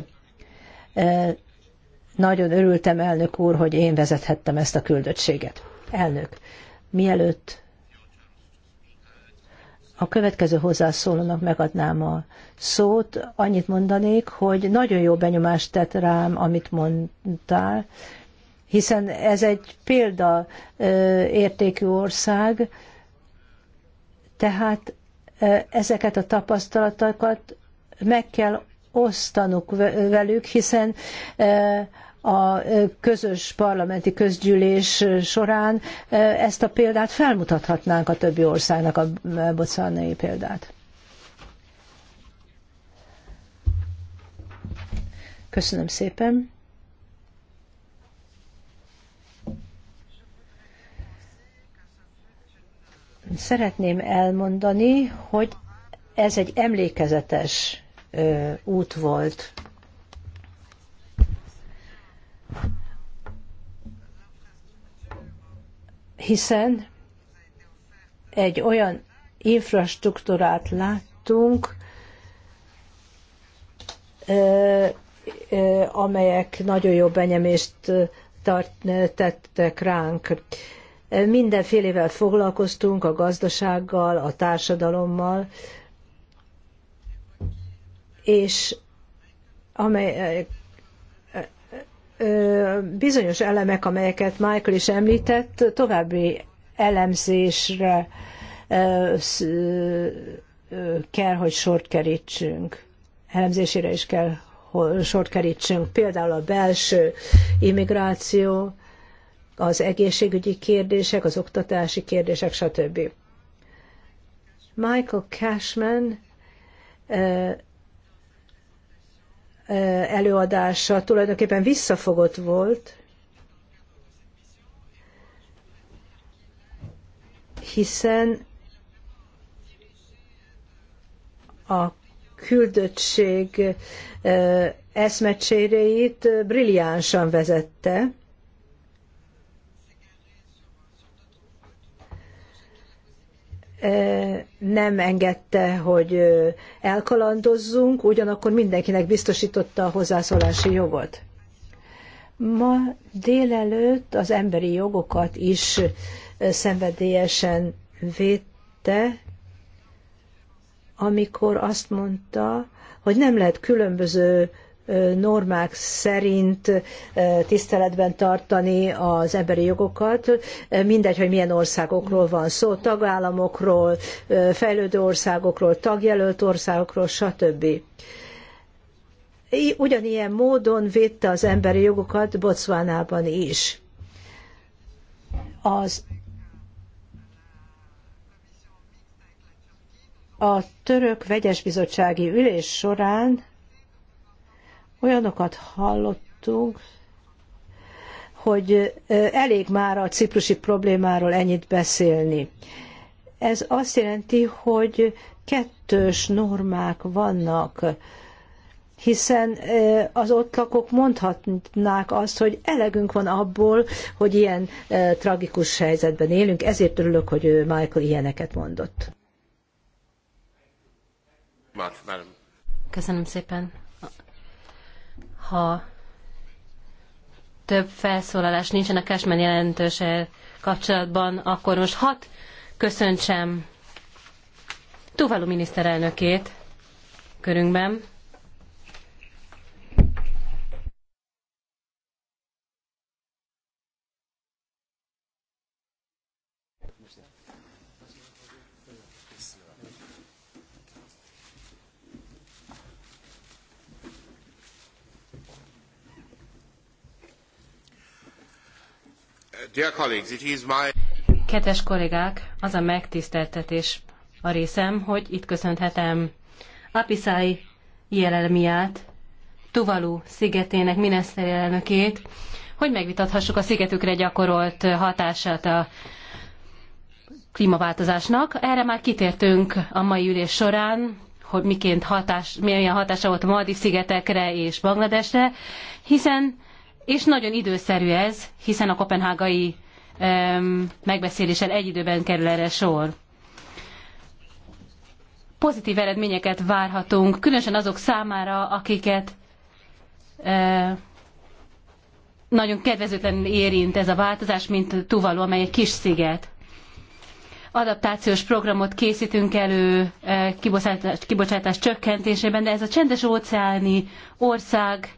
Nagyon örültem, elnök úr, hogy én vezethettem ezt a küldöttséget. Elnök, mielőtt a következő hozzászólónak megadnám a szót, annyit mondanék, hogy nagyon jó benyomást tett rám, amit mondtál, hiszen ez egy példa értékű ország, tehát ezeket a tapasztalatokat meg kell osztanuk velük, hiszen a közös parlamenti közgyűlés során ezt a példát felmutathatnánk a többi országnak, a bocsánai példát. Köszönöm szépen. Szeretném elmondani, hogy ez egy emlékezetes út volt hiszen egy olyan infrastruktúrát láttunk, amelyek nagyon jó tart, tettek ránk. Mindenfélével foglalkoztunk, a gazdasággal, a társadalommal, és amelyek bizonyos elemek, amelyeket Michael is említett, további elemzésre kell, hogy sort kerítsünk. Elemzésére is kell sort kerítsünk. Például a belső immigráció, az egészségügyi kérdések, az oktatási kérdések, stb. Michael Cashman előadása tulajdonképpen visszafogott volt, hiszen a küldöttség eszmecséréit brilliánsan vezette, nem engedte, hogy elkalandozzunk, ugyanakkor mindenkinek biztosította a hozzászólási jogot. Ma délelőtt az emberi jogokat is szenvedélyesen védte, amikor azt mondta, hogy nem lehet különböző normák szerint tiszteletben tartani az emberi jogokat, mindegy, hogy milyen országokról van szó, tagállamokról, fejlődő országokról, tagjelölt országokról, stb. Ugyanilyen módon védte az emberi jogokat Botswanában is. Az a török vegyes bizottsági ülés során Olyanokat hallottunk, hogy elég már a ciprusi problémáról ennyit beszélni. Ez azt jelenti, hogy kettős normák vannak, hiszen az ott lakók mondhatnák azt, hogy elegünk van abból, hogy ilyen tragikus helyzetben élünk, ezért örülök, hogy ő Michael ilyeneket mondott. Köszönöm szépen ha több felszólalás nincsen a Cashman jelentősel kapcsolatban, akkor most hat köszöntsem Tuvalu miniszterelnökét körünkben. Kedves kollégák, az a megtiszteltetés a részem, hogy itt köszönhetem Apisai Jelelmiát, Tuvalu szigetének miniszterelnökét, hogy megvitathassuk a szigetükre gyakorolt hatását a klímaváltozásnak. Erre már kitértünk a mai ülés során, hogy miként hatás, milyen hatása volt a Maldiv szigetekre és Bangladesre, hiszen és nagyon időszerű ez, hiszen a kopenhágai um, megbeszéléssel egy időben kerül erre sor. Pozitív eredményeket várhatunk, különösen azok számára, akiket uh, nagyon kedvezőtlenül érint ez a változás, mint Tuvalu, amely egy kis sziget. Adaptációs programot készítünk elő e, kibocsátás, kibocsátás csökkentésében, de ez a csendes óceáni ország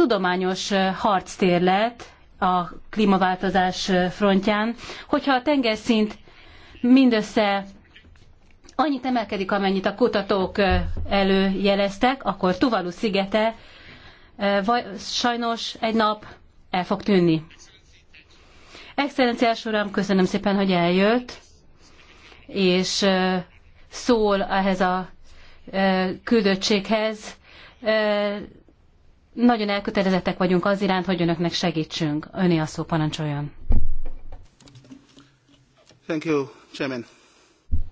tudományos harctér lett a klímaváltozás frontján, hogyha a tengerszint mindössze annyit emelkedik, amennyit a kutatók előjeleztek, akkor Tuvalu szigete sajnos egy nap el fog tűnni. Excellenciás Uram, köszönöm szépen, hogy eljött, és szól ehhez a küldöttséghez nagyon elkötelezettek vagyunk az iránt, hogy önöknek segítsünk. Öné a szó, parancsoljon. Thank you, Chairman.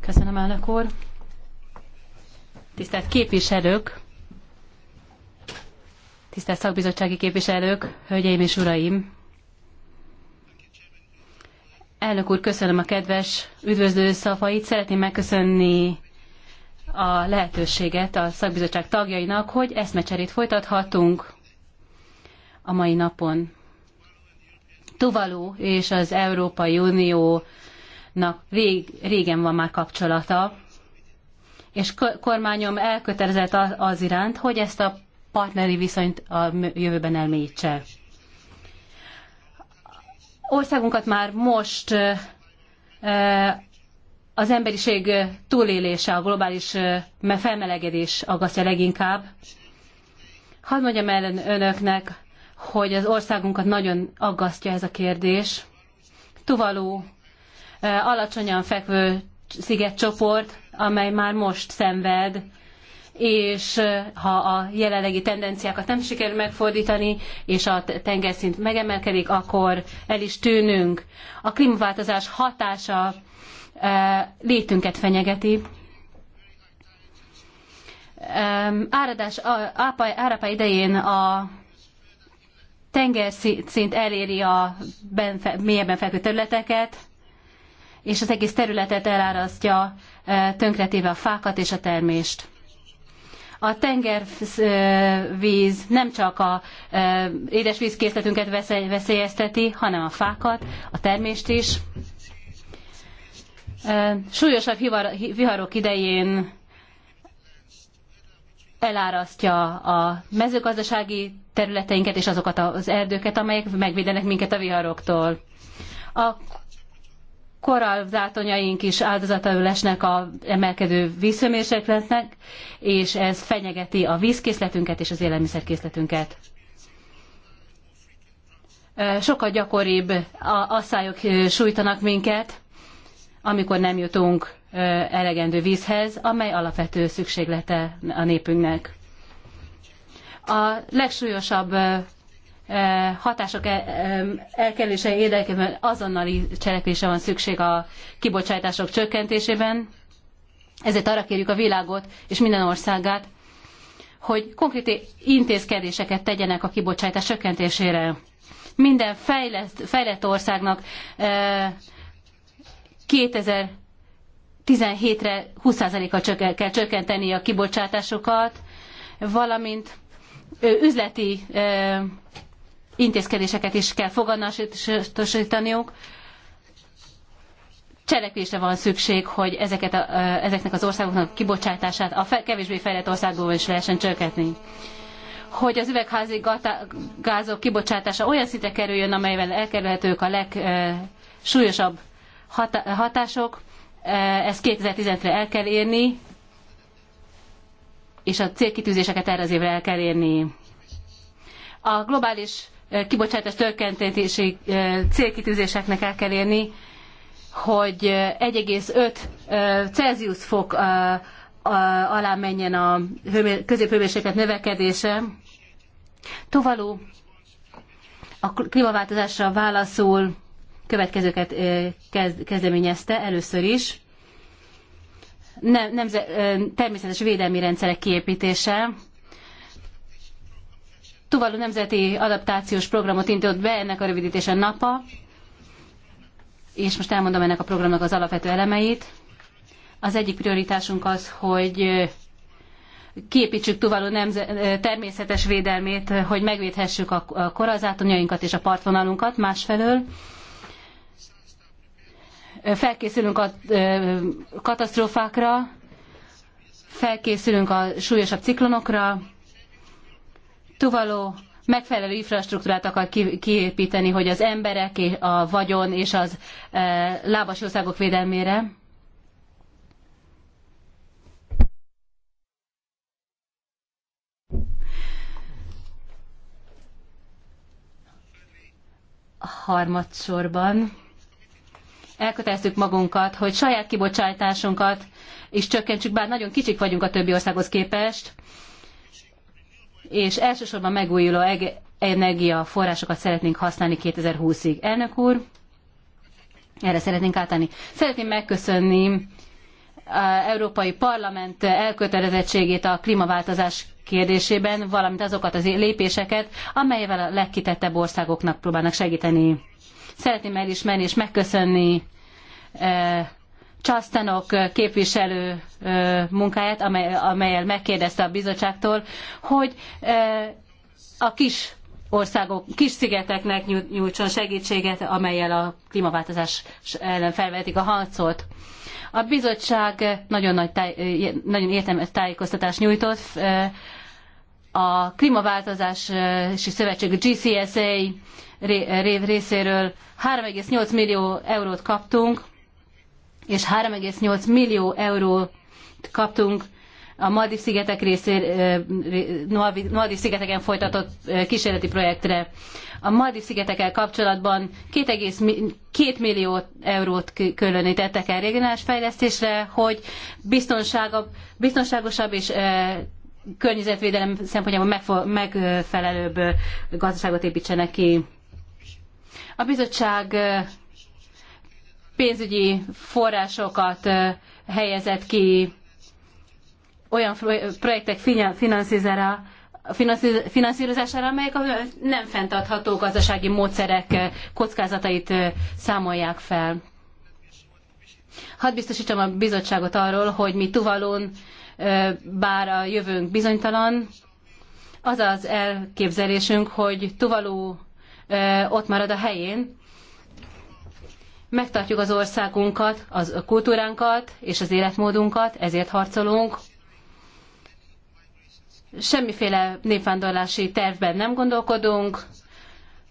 Köszönöm, elnök úr. Tisztelt képviselők, tisztelt szakbizottsági képviselők, hölgyeim és uraim! Elnök úr, köszönöm a kedves üdvözlő szavait. Szeretném megköszönni a lehetőséget a szakbizottság tagjainak, hogy eszmecserét folytathatunk a mai napon. Tuvalu és az Európai Uniónak rég, régen van már kapcsolata, és kormányom elkötelezett az iránt, hogy ezt a partneri viszonyt a jövőben elmélyítse. Országunkat már most az emberiség túlélése, a globális felmelegedés aggasztja leginkább. Hadd mondjam el önöknek, hogy az országunkat nagyon aggasztja ez a kérdés. Tuvalu alacsonyan fekvő szigetcsoport, amely már most szenved, és ha a jelenlegi tendenciákat nem sikerül megfordítani, és a tengerszint megemelkedik, akkor el is tűnünk. A klímaváltozás hatása létünket fenyegeti. Áradás, ápa, árapa idején a szint eléri a mélyebben fekvő területeket, és az egész területet elárasztja, tönkretéve a fákat és a termést. A tengervíz nem csak a édesvízkészletünket veszélyezteti, hanem a fákat, a termést is, súlyosabb viharok idején elárasztja a mezőgazdasági területeinket és azokat az erdőket, amelyek megvédenek minket a viharoktól. A korallzátonyaink is áldozatául esnek a emelkedő vízhőmérsékletnek, és ez fenyegeti a vízkészletünket és az élelmiszerkészletünket. Sokkal gyakoribb a asszályok sújtanak minket, amikor nem jutunk elegendő vízhez, amely alapvető szükséglete a népünknek. A legsúlyosabb hatások e, elkerülése érdekében azonnali cselekvése van szükség a kibocsátások csökkentésében. Ezért arra kérjük a világot és minden országát, hogy konkrét intézkedéseket tegyenek a kibocsátás csökkentésére. Minden fejlett, fejlett országnak 2017-re 20%-kal kell csökkenteni a kibocsátásokat, valamint üzleti intézkedéseket is kell fogadnásítaniuk. Cselekvésre van szükség, hogy ezeket a, ezeknek az országoknak a kibocsátását a kevésbé fejlett országból is lehessen csökkenteni hogy az üvegházi gázok kibocsátása olyan szintre kerüljön, amelyben elkerülhetők a legsúlyosabb hatások, eh, ezt 2015-re el kell érni, és a célkitűzéseket erre az évre el kell érni. A globális eh, kibocsátás csökkentési eh, célkitűzéseknek el kell érni, hogy 1,5 Celsius fok alá menjen a középhőmérséklet növekedése. Tovaló a klímaváltozásra válaszul következőket kezdeményezte először is. Nem, nemze, természetes védelmi rendszerek kiépítése. Tuvalu Nemzeti Adaptációs Programot indított be, ennek a rövidítése NAPA, és most elmondom ennek a programnak az alapvető elemeit. Az egyik prioritásunk az, hogy képítsük Tuvalu nemze- természetes védelmét, hogy megvédhessük a korazátonyainkat és a partvonalunkat másfelől felkészülünk a katasztrófákra, felkészülünk a súlyosabb ciklonokra, Tuvalu megfelelő infrastruktúrát akar kiépíteni, hogy az emberek, a vagyon és az lábas országok védelmére. Harmadsorban elköteleztük magunkat, hogy saját kibocsátásunkat is csökkentsük, bár nagyon kicsik vagyunk a többi országhoz képest, és elsősorban megújuló energiaforrásokat szeretnénk használni 2020-ig. Elnök úr, erre szeretnénk átállni. Szeretném megköszönni a Európai Parlament elkötelezettségét a klímaváltozás kérdésében, valamint azokat az lépéseket, amelyekkel a legkitettebb országoknak próbálnak segíteni. Szeretném elismerni és megköszönni eh, Csasztanok képviselő eh, munkáját, amely, amelyel megkérdezte a bizottságtól, hogy eh, a kis országok, kis szigeteknek nyújtson segítséget, amelyel a klímaváltozás ellen felvetik a harcot. A bizottság nagyon nagy táj, nagyon értelmes tájékoztatást nyújtott a klímaváltozási szövetség GCSA rév részéről 3,8 millió eurót kaptunk, és 3,8 millió eurót kaptunk a Maldiv szigetek részér, Maldiv szigeteken folytatott kísérleti projektre. A Maldiv szigetekkel kapcsolatban 2,2 millió eurót különítettek el regionális fejlesztésre, hogy biztonságosabb és környezetvédelem szempontjából megfelelőbb gazdaságot építsenek ki. A bizottság pénzügyi forrásokat helyezett ki olyan projektek finanszírozására, finanszírozására, amelyek a nem fenntartható gazdasági módszerek kockázatait számolják fel. Hadd biztosítsam a bizottságot arról, hogy mi Tuvalon bár a jövőnk bizonytalan. Az az elképzelésünk, hogy Tuvalu ott marad a helyén, megtartjuk az országunkat, az a kultúránkat és az életmódunkat, ezért harcolunk. Semmiféle népvándorlási tervben nem gondolkodunk,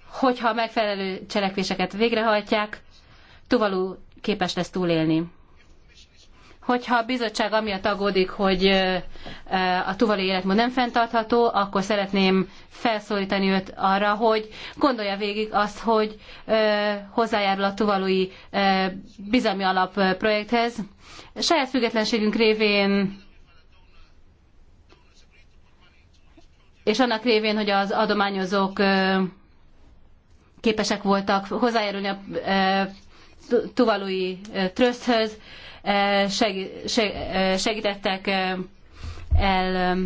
hogyha megfelelő cselekvéseket végrehajtják, Tuvalu képes lesz túlélni hogyha a bizottság amiatt aggódik, hogy a tuvali életmód nem fenntartható, akkor szeretném felszólítani őt arra, hogy gondolja végig azt, hogy hozzájárul a tuvalui bizalmi alap projekthez. Saját függetlenségünk révén és annak révén, hogy az adományozók képesek voltak hozzájárulni a tuvalui trösthöz, segítettek el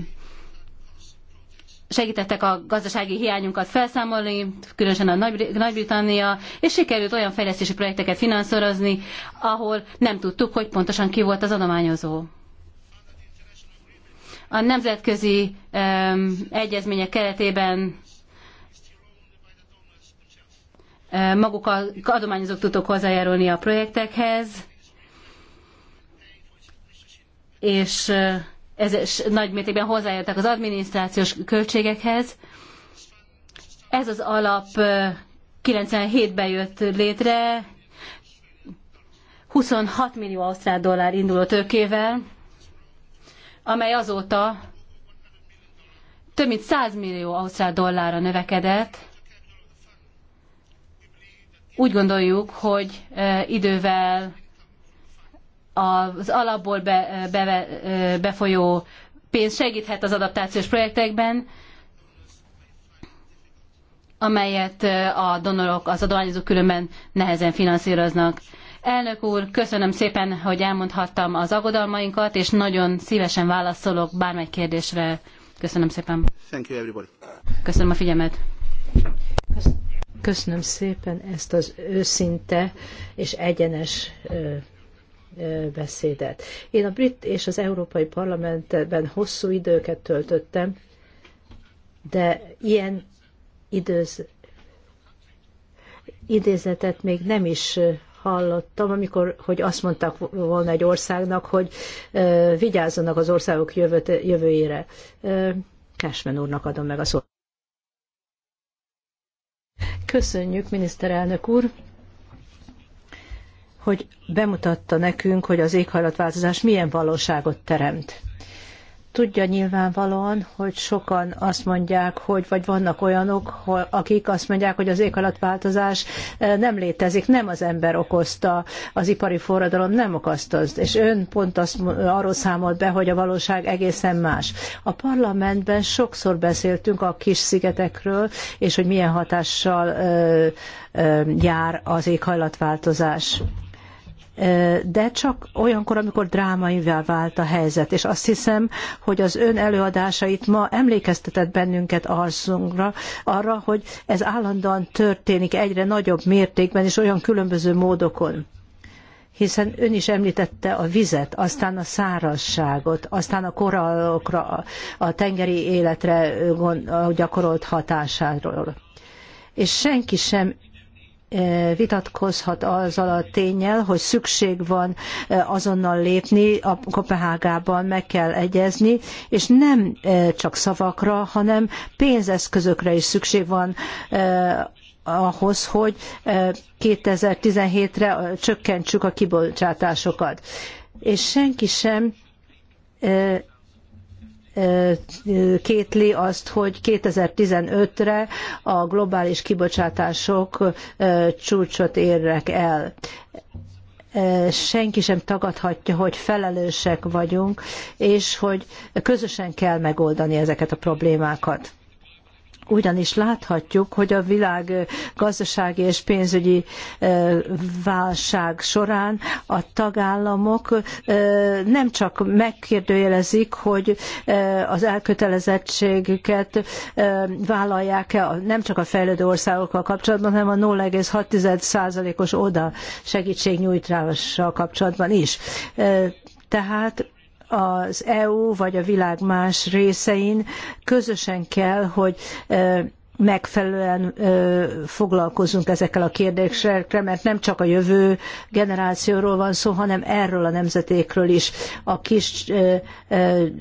segítettek a gazdasági hiányunkat felszámolni, különösen a Nagy-Britannia, és sikerült olyan fejlesztési projekteket finanszírozni, ahol nem tudtuk, hogy pontosan ki volt az adományozó. A nemzetközi um, egyezmények keretében um, maguk az adományozók tudtok hozzájárulni a projektekhez, és ez is nagy mértékben az adminisztrációs költségekhez. Ez az alap 97-ben jött létre, 26 millió ausztrál dollár induló tőkével, amely azóta több mint 100 millió ausztrál dollárra növekedett. Úgy gondoljuk, hogy idővel az alapból be, be, befolyó pénz segíthet az adaptációs projektekben, amelyet a donorok, az adományozók különben nehezen finanszíroznak. Elnök úr, köszönöm szépen, hogy elmondhattam az aggodalmainkat, és nagyon szívesen válaszolok bármely kérdésre. Köszönöm szépen. Köszönöm a figyelmet. Köszönöm szépen ezt az őszinte és egyenes beszédet. Én a brit és az európai parlamentben hosszú időket töltöttem, de ilyen időz, idézetet még nem is hallottam, amikor, hogy azt mondták volna egy országnak, hogy ö, vigyázzanak az országok jövőt, jövőjére. Ö, Cashman úrnak adom meg a szót. Köszönjük, miniszterelnök úr! hogy bemutatta nekünk, hogy az éghajlatváltozás milyen valóságot teremt. Tudja nyilvánvalóan, hogy sokan azt mondják, hogy vagy vannak olyanok, akik azt mondják, hogy az éghajlatváltozás eh, nem létezik, nem az ember okozta, az ipari forradalom nem okozta És ön pont azt, arról számolt be, hogy a valóság egészen más. A parlamentben sokszor beszéltünk a kis szigetekről, és hogy milyen hatással eh, eh, jár az éghajlatváltozás de csak olyankor, amikor drámaivá vált a helyzet. És azt hiszem, hogy az ön előadásait ma emlékeztetett bennünket arzunkra, arra, hogy ez állandóan történik egyre nagyobb mértékben és olyan különböző módokon hiszen ön is említette a vizet, aztán a szárazságot, aztán a korallokra, a tengeri életre gyakorolt hatásáról. És senki sem vitatkozhat azzal a tényel, hogy szükség van e, azonnal lépni, a Kopenhágában meg kell egyezni, és nem e, csak szavakra, hanem pénzeszközökre is szükség van e, ahhoz, hogy 2017-re csökkentsük a kibocsátásokat. És senki sem kétli azt, hogy 2015-re a globális kibocsátások csúcsot érnek el. Senki sem tagadhatja, hogy felelősek vagyunk, és hogy közösen kell megoldani ezeket a problémákat ugyanis láthatjuk, hogy a világ gazdasági és pénzügyi válság során a tagállamok nem csak megkérdőjelezik, hogy az elkötelezettségüket vállalják-e nem csak a fejlődő országokkal kapcsolatban, hanem a 0,6%-os oda segítségnyújtással kapcsolatban is. Tehát az EU vagy a világ más részein közösen kell, hogy megfelelően foglalkozunk ezekkel a kérdésekkel, mert nem csak a jövő generációról van szó, hanem erről a nemzetékről is a kis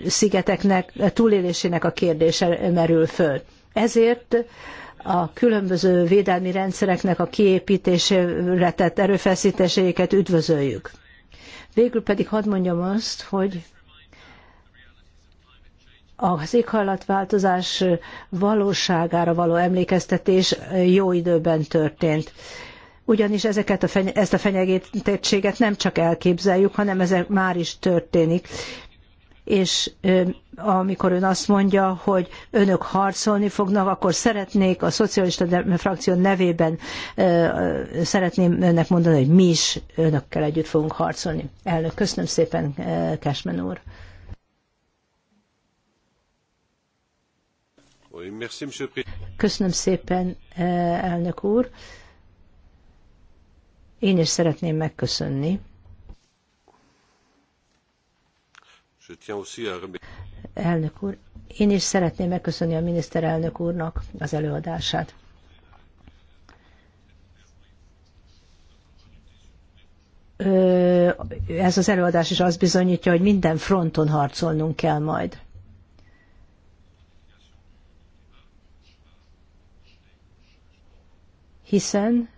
szigeteknek túlélésének a kérdése merül föl. Ezért a különböző védelmi rendszereknek a kiépítésére tett erőfeszítéseiket üdvözöljük. Végül pedig hadd mondjam azt, hogy az éghajlatváltozás valóságára való emlékeztetés jó időben történt. Ugyanis ezeket a fenye- ezt a fenyegetettséget nem csak elképzeljük, hanem ez már is történik. És amikor ön azt mondja, hogy önök harcolni fognak, akkor szeretnék a szocialista frakció nevében szeretném önnek mondani, hogy mi is önökkel együtt fogunk harcolni. Elnök, köszönöm szépen, Cashman úr. Köszönöm szépen, eh, elnök úr. Én is szeretném megköszönni. Elnök úr, én is szeretném megköszönni a miniszterelnök úrnak az előadását. Ez az előadás is azt bizonyítja, hogy minden fronton harcolnunk kell majd. hiszen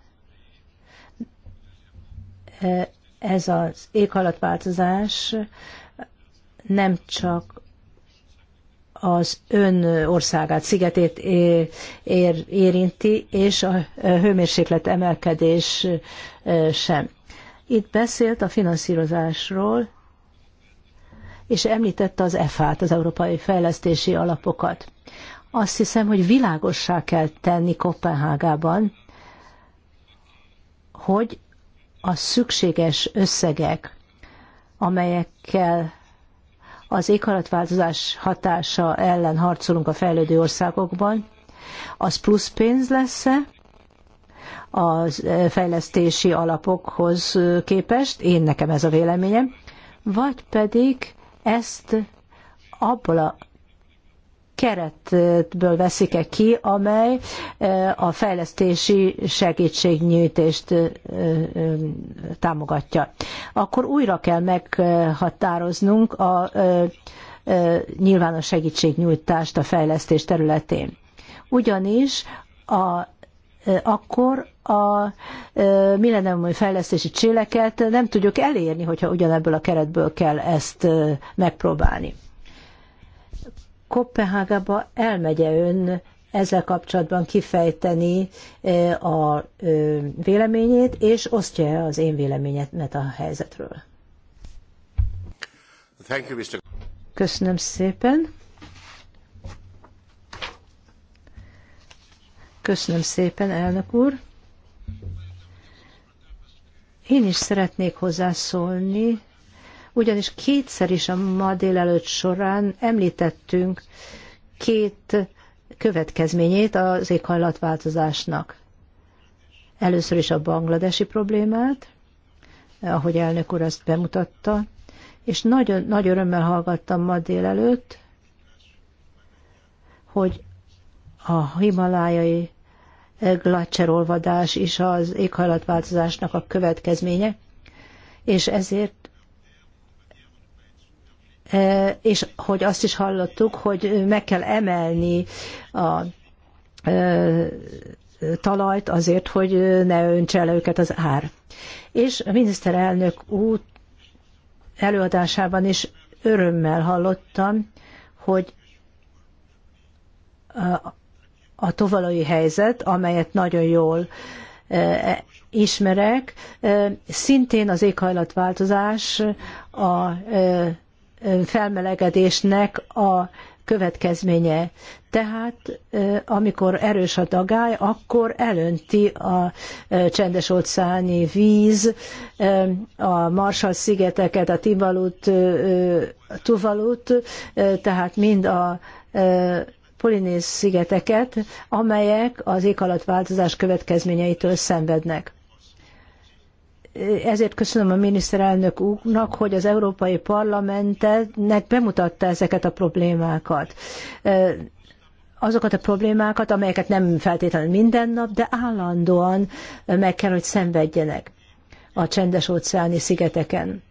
e, ez az éghajlatváltozás nem csak az ön országát, szigetét ér, érinti, és a e, hőmérséklet emelkedés e, sem. Itt beszélt a finanszírozásról, és említette az EFA-t, az Európai Fejlesztési Alapokat. Azt hiszem, hogy világossá kell tenni Kopenhágában, hogy a szükséges összegek, amelyekkel az éghajlatváltozás hatása ellen harcolunk a fejlődő országokban, az plusz pénz lesz-e a fejlesztési alapokhoz képest, én nekem ez a véleményem, vagy pedig ezt abból a keretből veszik-e ki, amely e, a fejlesztési segítségnyújtást e, e, támogatja. Akkor újra kell meghatároznunk a nyilvános segítségnyújtást a fejlesztés területén. Ugyanis a, akkor a millenniumi fejlesztési céleket nem tudjuk elérni, hogyha ugyanebből a keretből kell ezt megpróbálni. Kopenhágába elmegye ön ezzel kapcsolatban kifejteni e, a e, véleményét, és osztja az én véleményemet a helyzetről. Köszönöm szépen. Köszönöm szépen, elnök úr. Én is szeretnék hozzászólni ugyanis kétszer is a ma délelőtt során említettünk két következményét az éghajlatváltozásnak. Először is a bangladesi problémát, ahogy elnök úr ezt bemutatta, és nagyon nagy örömmel hallgattam ma délelőtt, hogy a himalájai glacserolvadás is az éghajlatváltozásnak a következménye, és ezért E, és hogy azt is hallottuk, hogy meg kell emelni a e, talajt azért, hogy ne öntse el őket az ár. És a miniszterelnök út előadásában is örömmel hallottam, hogy a tovalói helyzet, amelyet nagyon jól e, ismerek, szintén az éghajlatváltozás, a felmelegedésnek a következménye. Tehát amikor erős a dagály, akkor elönti a csendes óceáni víz a Marshall-szigeteket, a Tivalut, Tuvalut, tehát mind a Polinész szigeteket, amelyek az éghajlatváltozás következményeitől szenvednek ezért köszönöm a miniszterelnök úrnak, hogy az Európai Parlamentnek bemutatta ezeket a problémákat. Azokat a problémákat, amelyeket nem feltétlenül minden nap, de állandóan meg kell, hogy szenvedjenek a csendes óceáni szigeteken.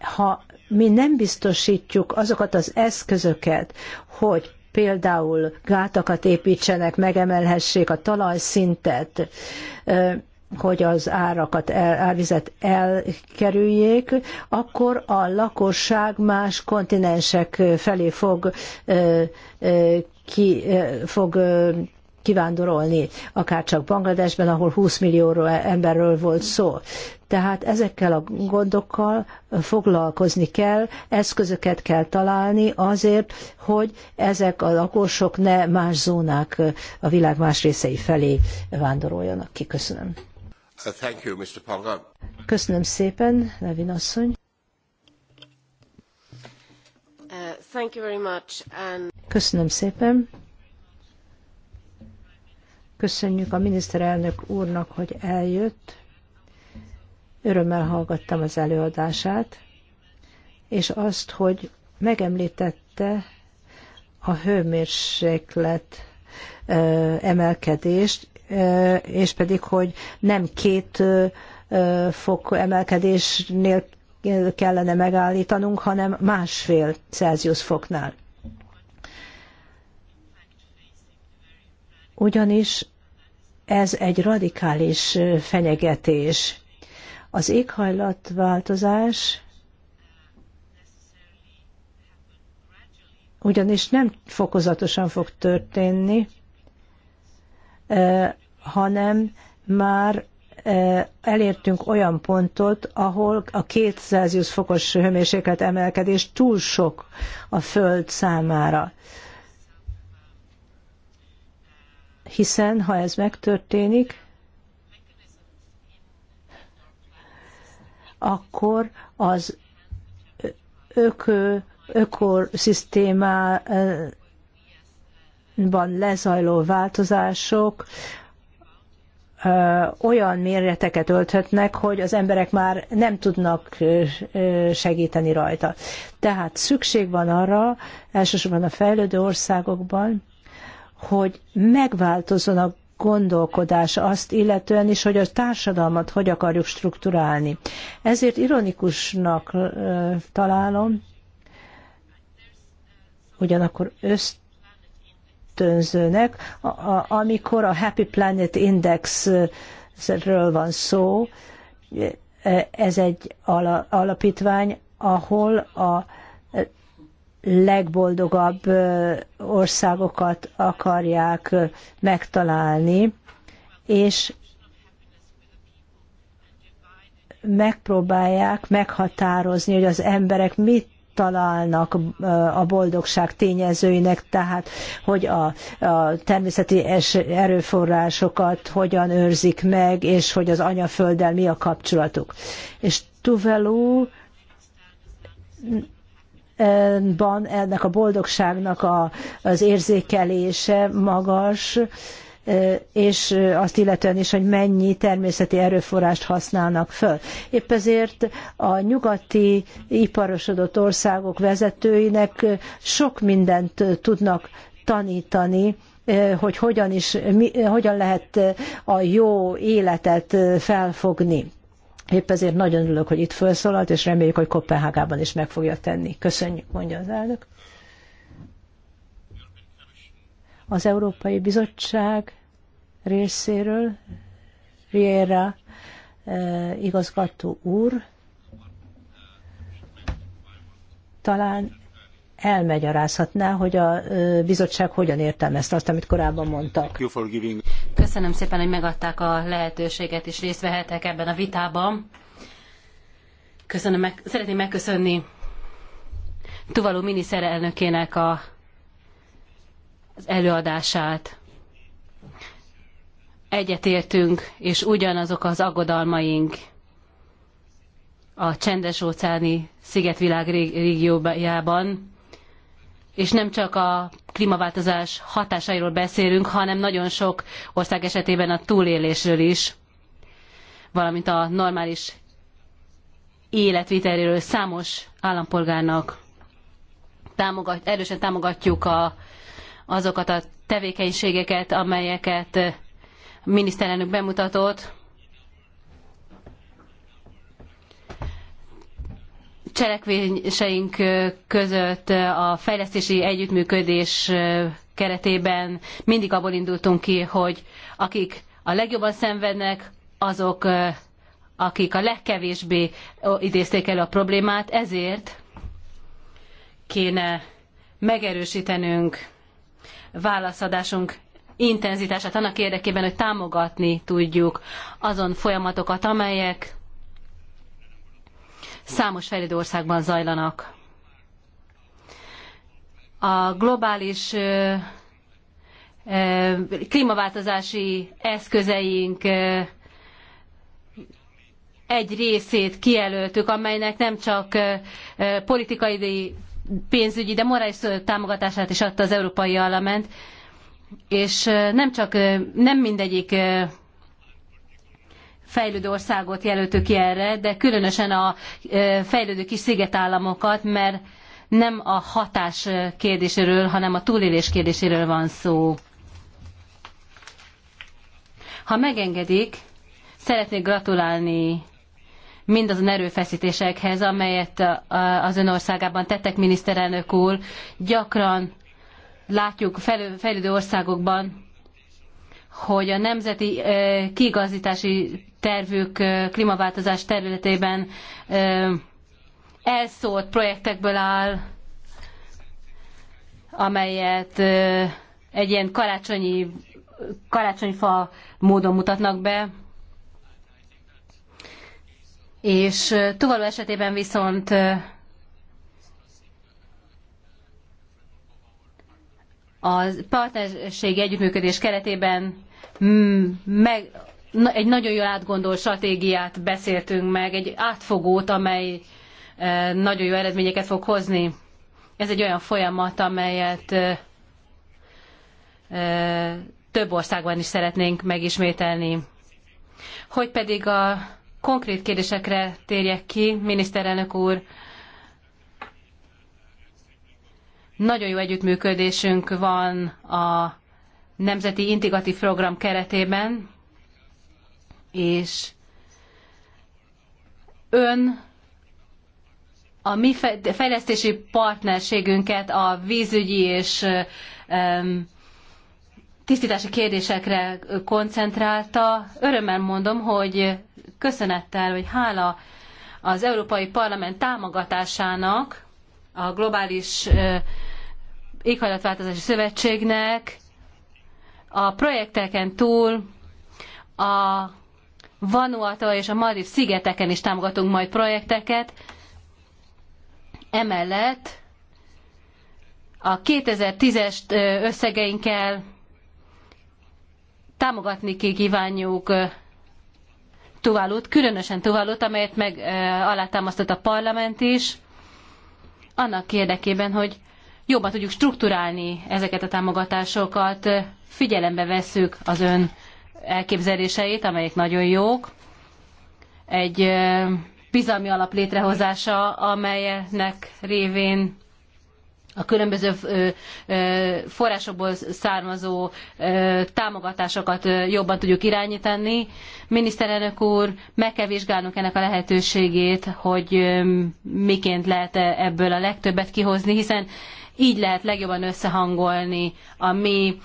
Ha mi nem biztosítjuk azokat az eszközöket, hogy például gátakat építsenek, megemelhessék a talajszintet, hogy az árakat, el, árvizet elkerüljék, akkor a lakosság más kontinensek felé fog, ki, fog kivándorolni, akár csak Bangladesben, ahol 20 millió emberről volt szó. Tehát ezekkel a gondokkal foglalkozni kell, eszközöket kell találni azért, hogy ezek a lakosok ne más zónák a világ más részei felé vándoroljanak ki. Köszönöm. Uh, you, Köszönöm szépen, Levin asszony. Uh, Köszönöm szépen. Köszönjük a miniszterelnök úrnak, hogy eljött. Örömmel hallgattam az előadását, és azt, hogy megemlítette a hőmérséklet emelkedést, és pedig, hogy nem két fok emelkedésnél kellene megállítanunk, hanem másfél Celsius foknál. Ugyanis ez egy radikális fenyegetés, az éghajlatváltozás ugyanis nem fokozatosan fog történni, e, hanem már e, elértünk olyan pontot, ahol a 2 Celsius fokos hőmérséklet emelkedés túl sok a Föld számára. Hiszen, ha ez megtörténik, akkor az ökö, ökoszisztémában lezajló változások olyan méreteket ölthetnek, hogy az emberek már nem tudnak segíteni rajta. Tehát szükség van arra, elsősorban a fejlődő országokban, hogy megváltozzon a gondolkodás azt illetően is, hogy a társadalmat hogy akarjuk strukturálni. Ezért ironikusnak találom, ugyanakkor öszt a, amikor a Happy Planet Indexről van szó, ez egy alapítvány, ahol a legboldogabb országokat akarják megtalálni, és megpróbálják meghatározni, hogy az emberek mit találnak a boldogság tényezőinek, tehát hogy a, a természeti erőforrásokat hogyan őrzik meg, és hogy az anyafölddel mi a kapcsolatuk. És Tuvalu ban ennek a boldogságnak a, az érzékelése magas, és azt illetően is, hogy mennyi természeti erőforrást használnak föl. Épp ezért a nyugati iparosodott országok vezetőinek sok mindent tudnak tanítani, hogy hogyan, is, hogyan lehet a jó életet felfogni Épp ezért nagyon örülök, hogy itt felszólalt, és reméljük, hogy Kopenhágában is meg fogja tenni. Köszönjük, mondja az elnök. Az Európai Bizottság részéről Riera eh, igazgató úr talán elmagyarázhatná, hogy a bizottság hogyan értelmezte azt, amit korábban mondtak. Köszönöm szépen, hogy megadták a lehetőséget, és részt vehetek ebben a vitában. Köszönöm, meg, szeretném megköszönni Tuvalu miniszterelnökének a, az előadását. Egyetértünk, és ugyanazok az aggodalmaink a csendes óceáni szigetvilág régiójában, és nem csak a klímaváltozás hatásairól beszélünk, hanem nagyon sok ország esetében a túlélésről is, valamint a normális életvitelről számos állampolgárnak támogat, erősen támogatjuk a, azokat a tevékenységeket, amelyeket a miniszterelnök bemutatott, cselekvéseink között a fejlesztési együttműködés keretében mindig abból indultunk ki, hogy akik a legjobban szenvednek, azok, akik a legkevésbé idézték elő a problémát, ezért kéne megerősítenünk válaszadásunk intenzitását annak érdekében, hogy támogatni tudjuk azon folyamatokat, amelyek számos fejlődő országban zajlanak. A globális klímaváltozási eszközeink egy részét kijelöltük, amelynek nem csak politikai, pénzügyi, de morális támogatását is adta az Európai Parlament, és nem csak nem mindegyik fejlődő országot jelöltük ki erre, de különösen a fejlődő kis szigetállamokat, mert nem a hatás kérdéséről, hanem a túlélés kérdéséről van szó. Ha megengedik, szeretnék gratulálni mindazon erőfeszítésekhez, amelyet az ön országában tettek, miniszterelnök úr. Gyakran látjuk fejlődő országokban, hogy a nemzeti kiigazítási tervük klímaváltozás területében elszólt projektekből áll, amelyet egy ilyen karácsonyi, karácsonyfa módon mutatnak be. És Tuvalu esetében viszont a partnerségi együttműködés keretében meg, egy nagyon jól átgondolt stratégiát beszéltünk meg, egy átfogót, amely e, nagyon jó eredményeket fog hozni. Ez egy olyan folyamat, amelyet e, e, több országban is szeretnénk megismételni. Hogy pedig a konkrét kérdésekre térjek ki, miniszterelnök úr, nagyon jó együttműködésünk van a Nemzeti Integratív Program keretében, és ön a mi fejlesztési partnerségünket a vízügyi és tisztítási kérdésekre koncentrálta. Örömmel mondom, hogy köszönettel, hogy hála az Európai Parlament támogatásának, a Globális Éghajlatváltozási Szövetségnek a projekteken túl a Vanuatu és a Maldiv szigeteken is támogatunk majd projekteket. Emellett a 2010-es összegeinkkel támogatni kívánjuk Tuvalut, különösen Tuvalut, amelyet meg alátámasztott a parlament is, annak érdekében, hogy jobban tudjuk strukturálni ezeket a támogatásokat, figyelembe vesszük az ön elképzeléseit, amelyek nagyon jók. Egy bizalmi alap létrehozása, amelynek révén a különböző forrásokból származó támogatásokat jobban tudjuk irányítani. Miniszterelnök úr, meg kell vizsgálnunk ennek a lehetőségét, hogy miként lehet ebből a legtöbbet kihozni, hiszen így lehet legjobban összehangolni a mi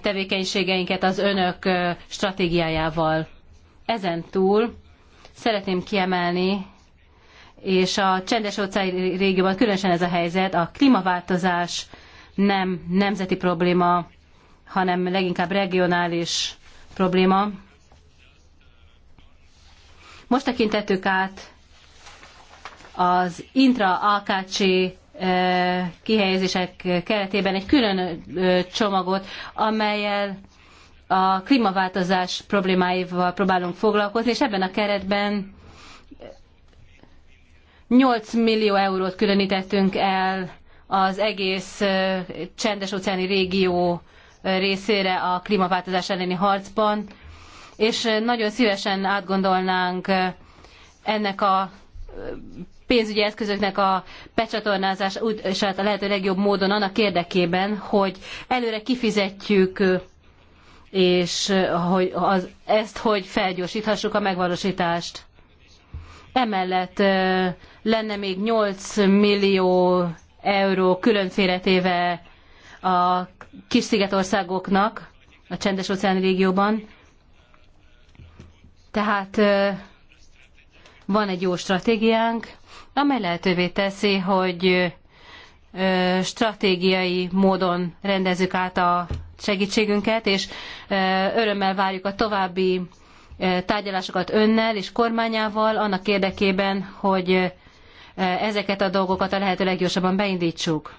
tevékenységeinket az önök stratégiájával. Ezen túl szeretném kiemelni, és a csendes óceáni régióban különösen ez a helyzet, a klímaváltozás nem nemzeti probléma, hanem leginkább regionális probléma. Most tekintettük át az intra-AKC kihelyezések keretében egy külön csomagot, amelyel a klímaváltozás problémáival próbálunk foglalkozni, és ebben a keretben 8 millió eurót különítettünk el az egész csendes óceáni régió részére a klímaváltozás elleni harcban, és nagyon szívesen átgondolnánk ennek a pénzügyi eszközöknek a becsatornázását a lehető legjobb módon annak érdekében, hogy előre kifizetjük és hogy az, ezt hogy felgyorsíthassuk a megvalósítást. Emellett lenne még 8 millió euró külön téve a kis szigetországoknak a csendes óceáni régióban. Tehát van egy jó stratégiánk, amely lehetővé teszi, hogy stratégiai módon rendezzük át a segítségünket, és örömmel várjuk a további tárgyalásokat önnel és kormányával annak érdekében, hogy ezeket a dolgokat a lehető leggyorsabban beindítsuk.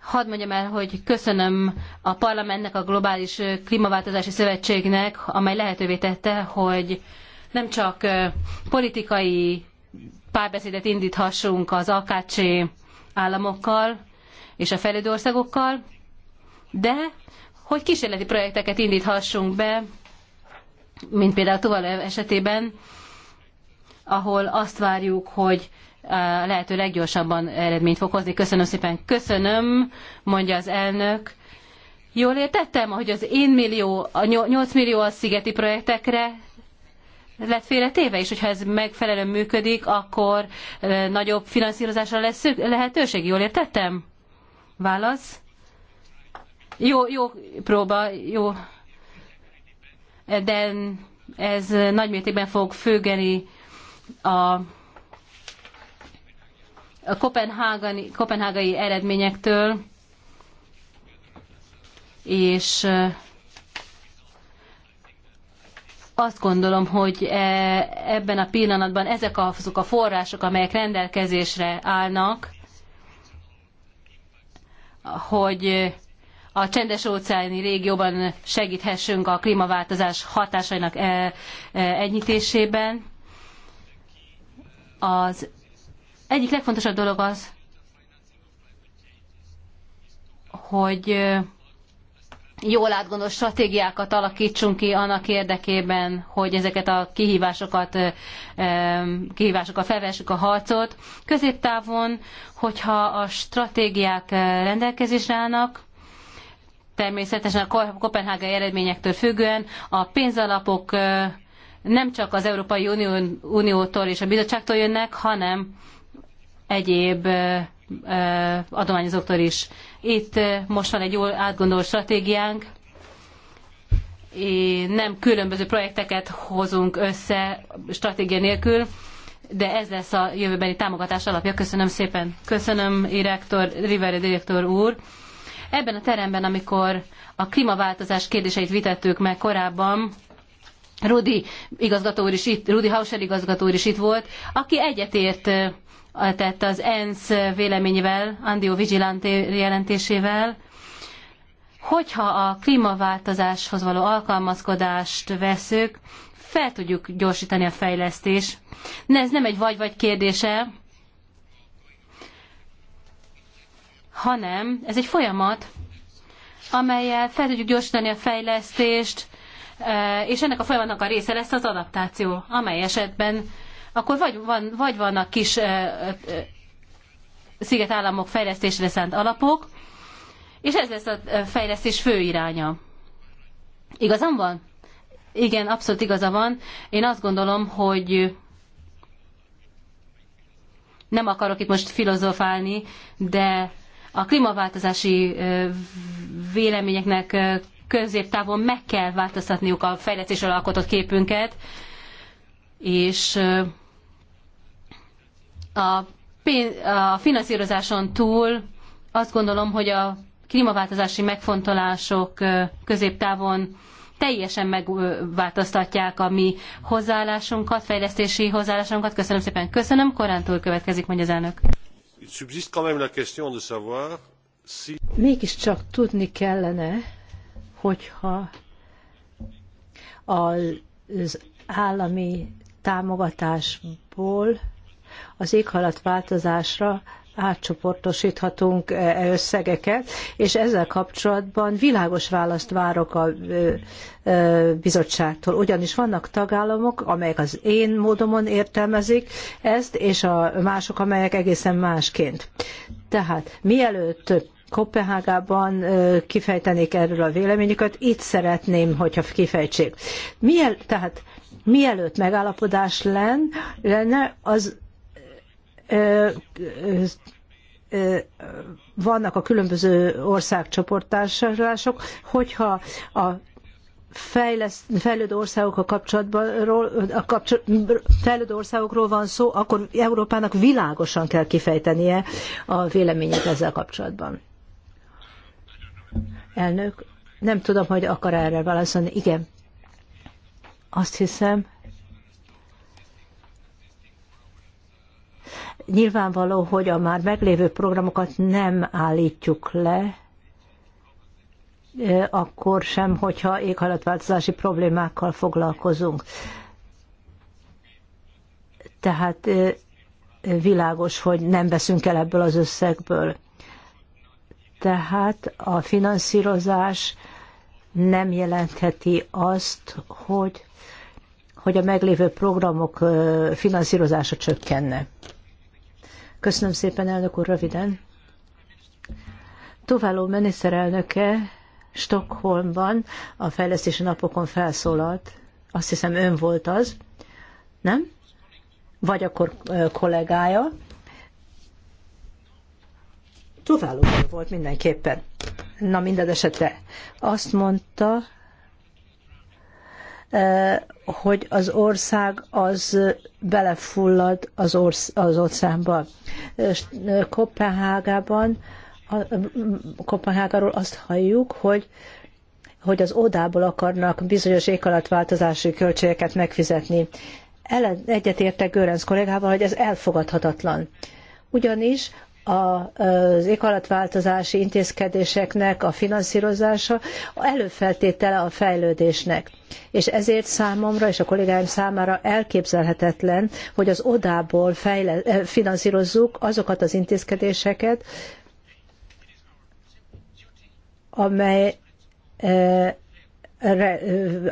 Hadd mondjam el, hogy köszönöm a parlamentnek, a Globális Klímaváltozási Szövetségnek, amely lehetővé tette, hogy nem csak politikai párbeszédet indíthassunk az AKC államokkal és a fejlődő országokkal, de hogy kísérleti projekteket indíthassunk be, mint például Tuvalu esetében, ahol azt várjuk, hogy lehető leggyorsabban eredményt fog hozni. Köszönöm szépen. Köszönöm, mondja az elnök. Jól értettem, hogy az én millió, a 8 millió a szigeti projektekre lett félretéve, és hogyha ez megfelelően működik, akkor nagyobb finanszírozásra lesz lehetőség. Jól értettem? Válasz? Jó, jó próba, jó. De ez nagymértékben fog függeni a a kopenhágai, kopenhágai eredményektől, és azt gondolom, hogy e, ebben a pillanatban ezek azok a források, amelyek rendelkezésre állnak, hogy a csendes óceáni régióban segíthessünk a klímaváltozás hatásainak e, e, enyhítésében. Az egyik legfontosabb dolog az, hogy jól átgondolt stratégiákat alakítsunk ki annak érdekében, hogy ezeket a kihívásokat, kihívásokkal felvessük a harcot. Középtávon, hogyha a stratégiák rendelkezésre állnak, természetesen a kopenhágai eredményektől függően a pénzalapok nem csak az Európai Unió, Uniótól és a bizottságtól jönnek, hanem egyéb adományozóktól is. Itt most van egy jól átgondolt stratégiánk, nem különböző projekteket hozunk össze stratégia nélkül, de ez lesz a jövőbeni támogatás alapja. Köszönöm szépen. Köszönöm, direktor, Rivera direktor úr. Ebben a teremben, amikor a klímaváltozás kérdéseit vitettük meg korábban, Rudi igazgató úr is itt, Rudi Hauser igazgató úr is itt volt, aki egyetért tett az ENSZ véleményével, Andio Vigilante jelentésével, hogyha a klímaváltozáshoz való alkalmazkodást veszük, fel tudjuk gyorsítani a fejlesztést. Ne, ez nem egy vagy-vagy kérdése, hanem ez egy folyamat, amelyel fel tudjuk gyorsítani a fejlesztést, eh, és ennek a folyamatnak a része lesz az adaptáció, amely esetben akkor vagy, van, vagy vannak kis szigetállamok fejlesztésre szánt alapok, és ez lesz a fejlesztés fő iránya. Igazam van? Igen, abszolút igaza van. Én azt gondolom, hogy nem akarok itt most filozofálni, de a klímaváltozási véleményeknek középtávon meg kell változtatniuk a fejlesztésről alkotott képünket, és a, pénz, a finanszírozáson túl azt gondolom, hogy a klímaváltozási megfontolások középtávon teljesen megváltoztatják a mi hozzáállásunkat, fejlesztési hozzáállásunkat. Köszönöm szépen. Köszönöm. Korántól következik, mondja az elnök. Mégiscsak tudni kellene, hogyha az állami támogatásból az változásra átcsoportosíthatunk e, e összegeket, és ezzel kapcsolatban világos választ várok a bizottságtól. Ugyanis vannak tagállamok, amelyek az én módomon értelmezik ezt, és a mások, amelyek egészen másként. Tehát mielőtt Kopenhágában kifejtenék erről a véleményüket, itt szeretném, hogyha kifejtsék. Miel, tehát mielőtt megállapodás lenne, az vannak a különböző országcsoportársaslások, hogyha a fejleszt, fejlődő a kapcsolatban, a kapcsolat, fejlődő országokról van szó, akkor Európának világosan kell kifejtenie a véleményét ezzel kapcsolatban. Elnök, nem tudom, hogy akar erre válaszolni. Igen. Azt hiszem, Nyilvánvaló, hogy a már meglévő programokat nem állítjuk le, akkor sem, hogyha éghajlatváltozási problémákkal foglalkozunk. Tehát világos, hogy nem veszünk el ebből az összegből. Tehát a finanszírozás nem jelentheti azt, hogy, hogy a meglévő programok finanszírozása csökkenne. Köszönöm szépen, elnök úr, röviden. miniszterelnöke Stockholmban a fejlesztési napokon felszólalt. Azt hiszem ön volt az, nem? Vagy akkor kollégája. Továló volt mindenképpen. Na minden esetre azt mondta, hogy az ország az belefullad az, orsz, az óceánba. Kopenhágában, Kopenhágáról azt halljuk, hogy hogy az odából akarnak bizonyos változási költségeket megfizetni. Egyetértek Görenc kollégával, hogy ez elfogadhatatlan. Ugyanis az éghajlatváltozási intézkedéseknek a finanszírozása előfeltétele a fejlődésnek. És ezért számomra és a kollégáim számára elképzelhetetlen, hogy az odából fejle- eh, finanszírozzuk azokat az intézkedéseket, amely eh, eh,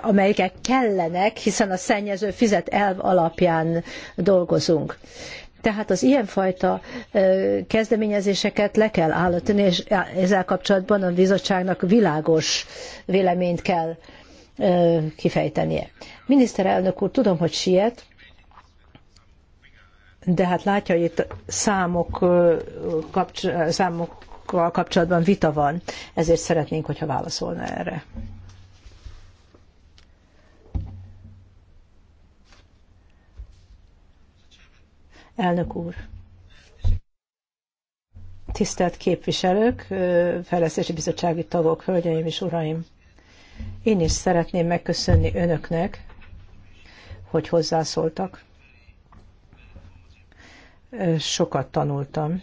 amelyek kellenek, hiszen a szennyező fizet elv alapján dolgozunk. Tehát az ilyenfajta kezdeményezéseket le kell állítani, és ezzel kapcsolatban a bizottságnak világos véleményt kell kifejtenie. Miniszterelnök úr, tudom, hogy siet, de hát látja, hogy itt számok kapcs- számokkal kapcsolatban vita van, ezért szeretnénk, hogyha válaszolna erre. Elnök úr! Tisztelt képviselők, Fejlesztési Bizottsági tagok, hölgyeim és uraim! Én is szeretném megköszönni önöknek, hogy hozzászóltak. Sokat tanultam.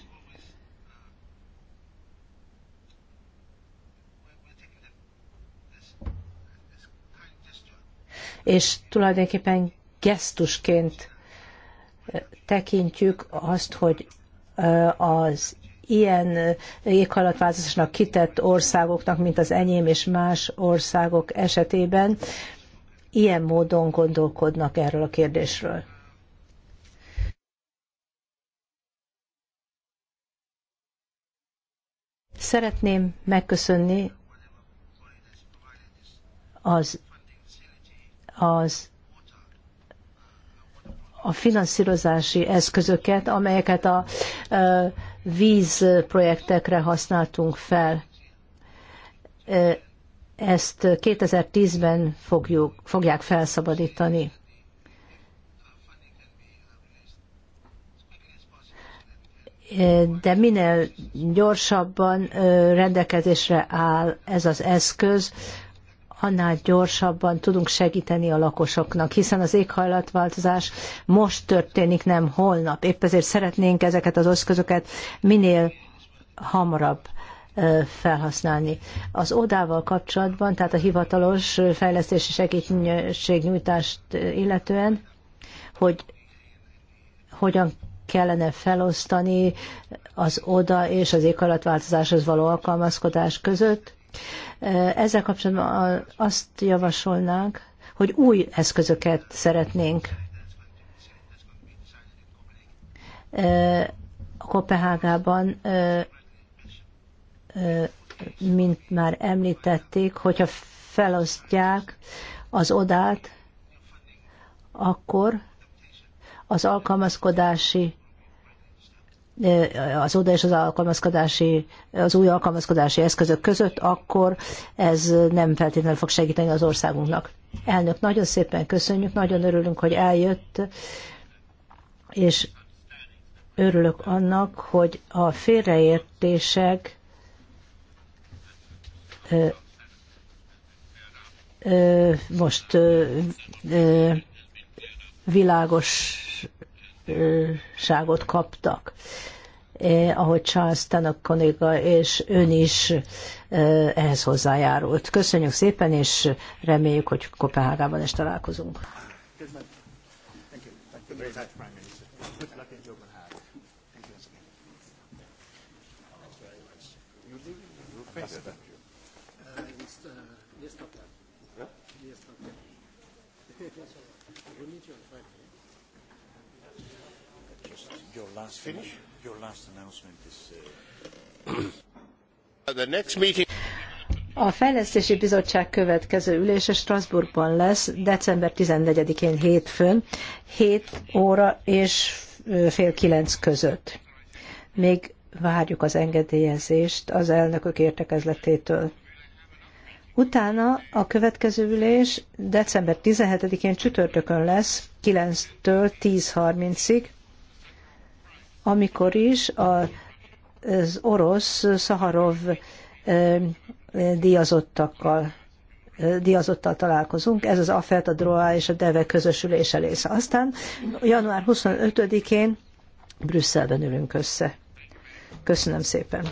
És tulajdonképpen gesztusként tekintjük azt, hogy az ilyen éghajlatváltozásnak kitett országoknak, mint az enyém és más országok esetében, ilyen módon gondolkodnak erről a kérdésről. Szeretném megköszönni az, az a finanszírozási eszközöket, amelyeket a vízprojektekre használtunk fel. Ezt 2010-ben fogjuk, fogják felszabadítani. de minél gyorsabban rendelkezésre áll ez az eszköz, annál gyorsabban tudunk segíteni a lakosoknak, hiszen az éghajlatváltozás most történik, nem holnap. Épp ezért szeretnénk ezeket az eszközöket minél hamarabb felhasználni. Az odával kapcsolatban, tehát a hivatalos fejlesztési segítségnyújtást illetően, hogy hogyan kellene felosztani az oda és az éghajlatváltozáshoz való alkalmazkodás között, ezzel kapcsolatban azt javasolnánk, hogy új eszközöket szeretnénk Kopenhágában, mint már említették, hogyha felosztják az odát, akkor az alkalmazkodási az oda és az alkalmazkodási, az új alkalmazkodási eszközök között, akkor ez nem feltétlenül fog segíteni az országunknak. Elnök, nagyon szépen köszönjük, nagyon örülünk, hogy eljött, és örülök annak, hogy a félreértések ö, ö, most ö, világos ságot kaptak. Eh, ahogy Charles Tanok kolléga és ön is eh, ehhez hozzájárult. Köszönjük szépen, és reméljük, hogy Kopenhágában is találkozunk. Köszönöm. last finish. Your last announcement is. Uh, The next meeting. A Fejlesztési Bizottság következő ülése Strasbourgban lesz december 14-én hétfőn, 7 óra és fél 9 között. Még várjuk az engedélyezést az elnökök értekezletétől. Utána a következő ülés december 17-én csütörtökön lesz, 9-től 10.30-ig, amikor is az orosz Szaharov díjazottakkal diazottal találkozunk, ez az AFET, a DROA és a DEVE közös ülése része. Aztán január 25-én Brüsszelben ülünk össze. Köszönöm szépen!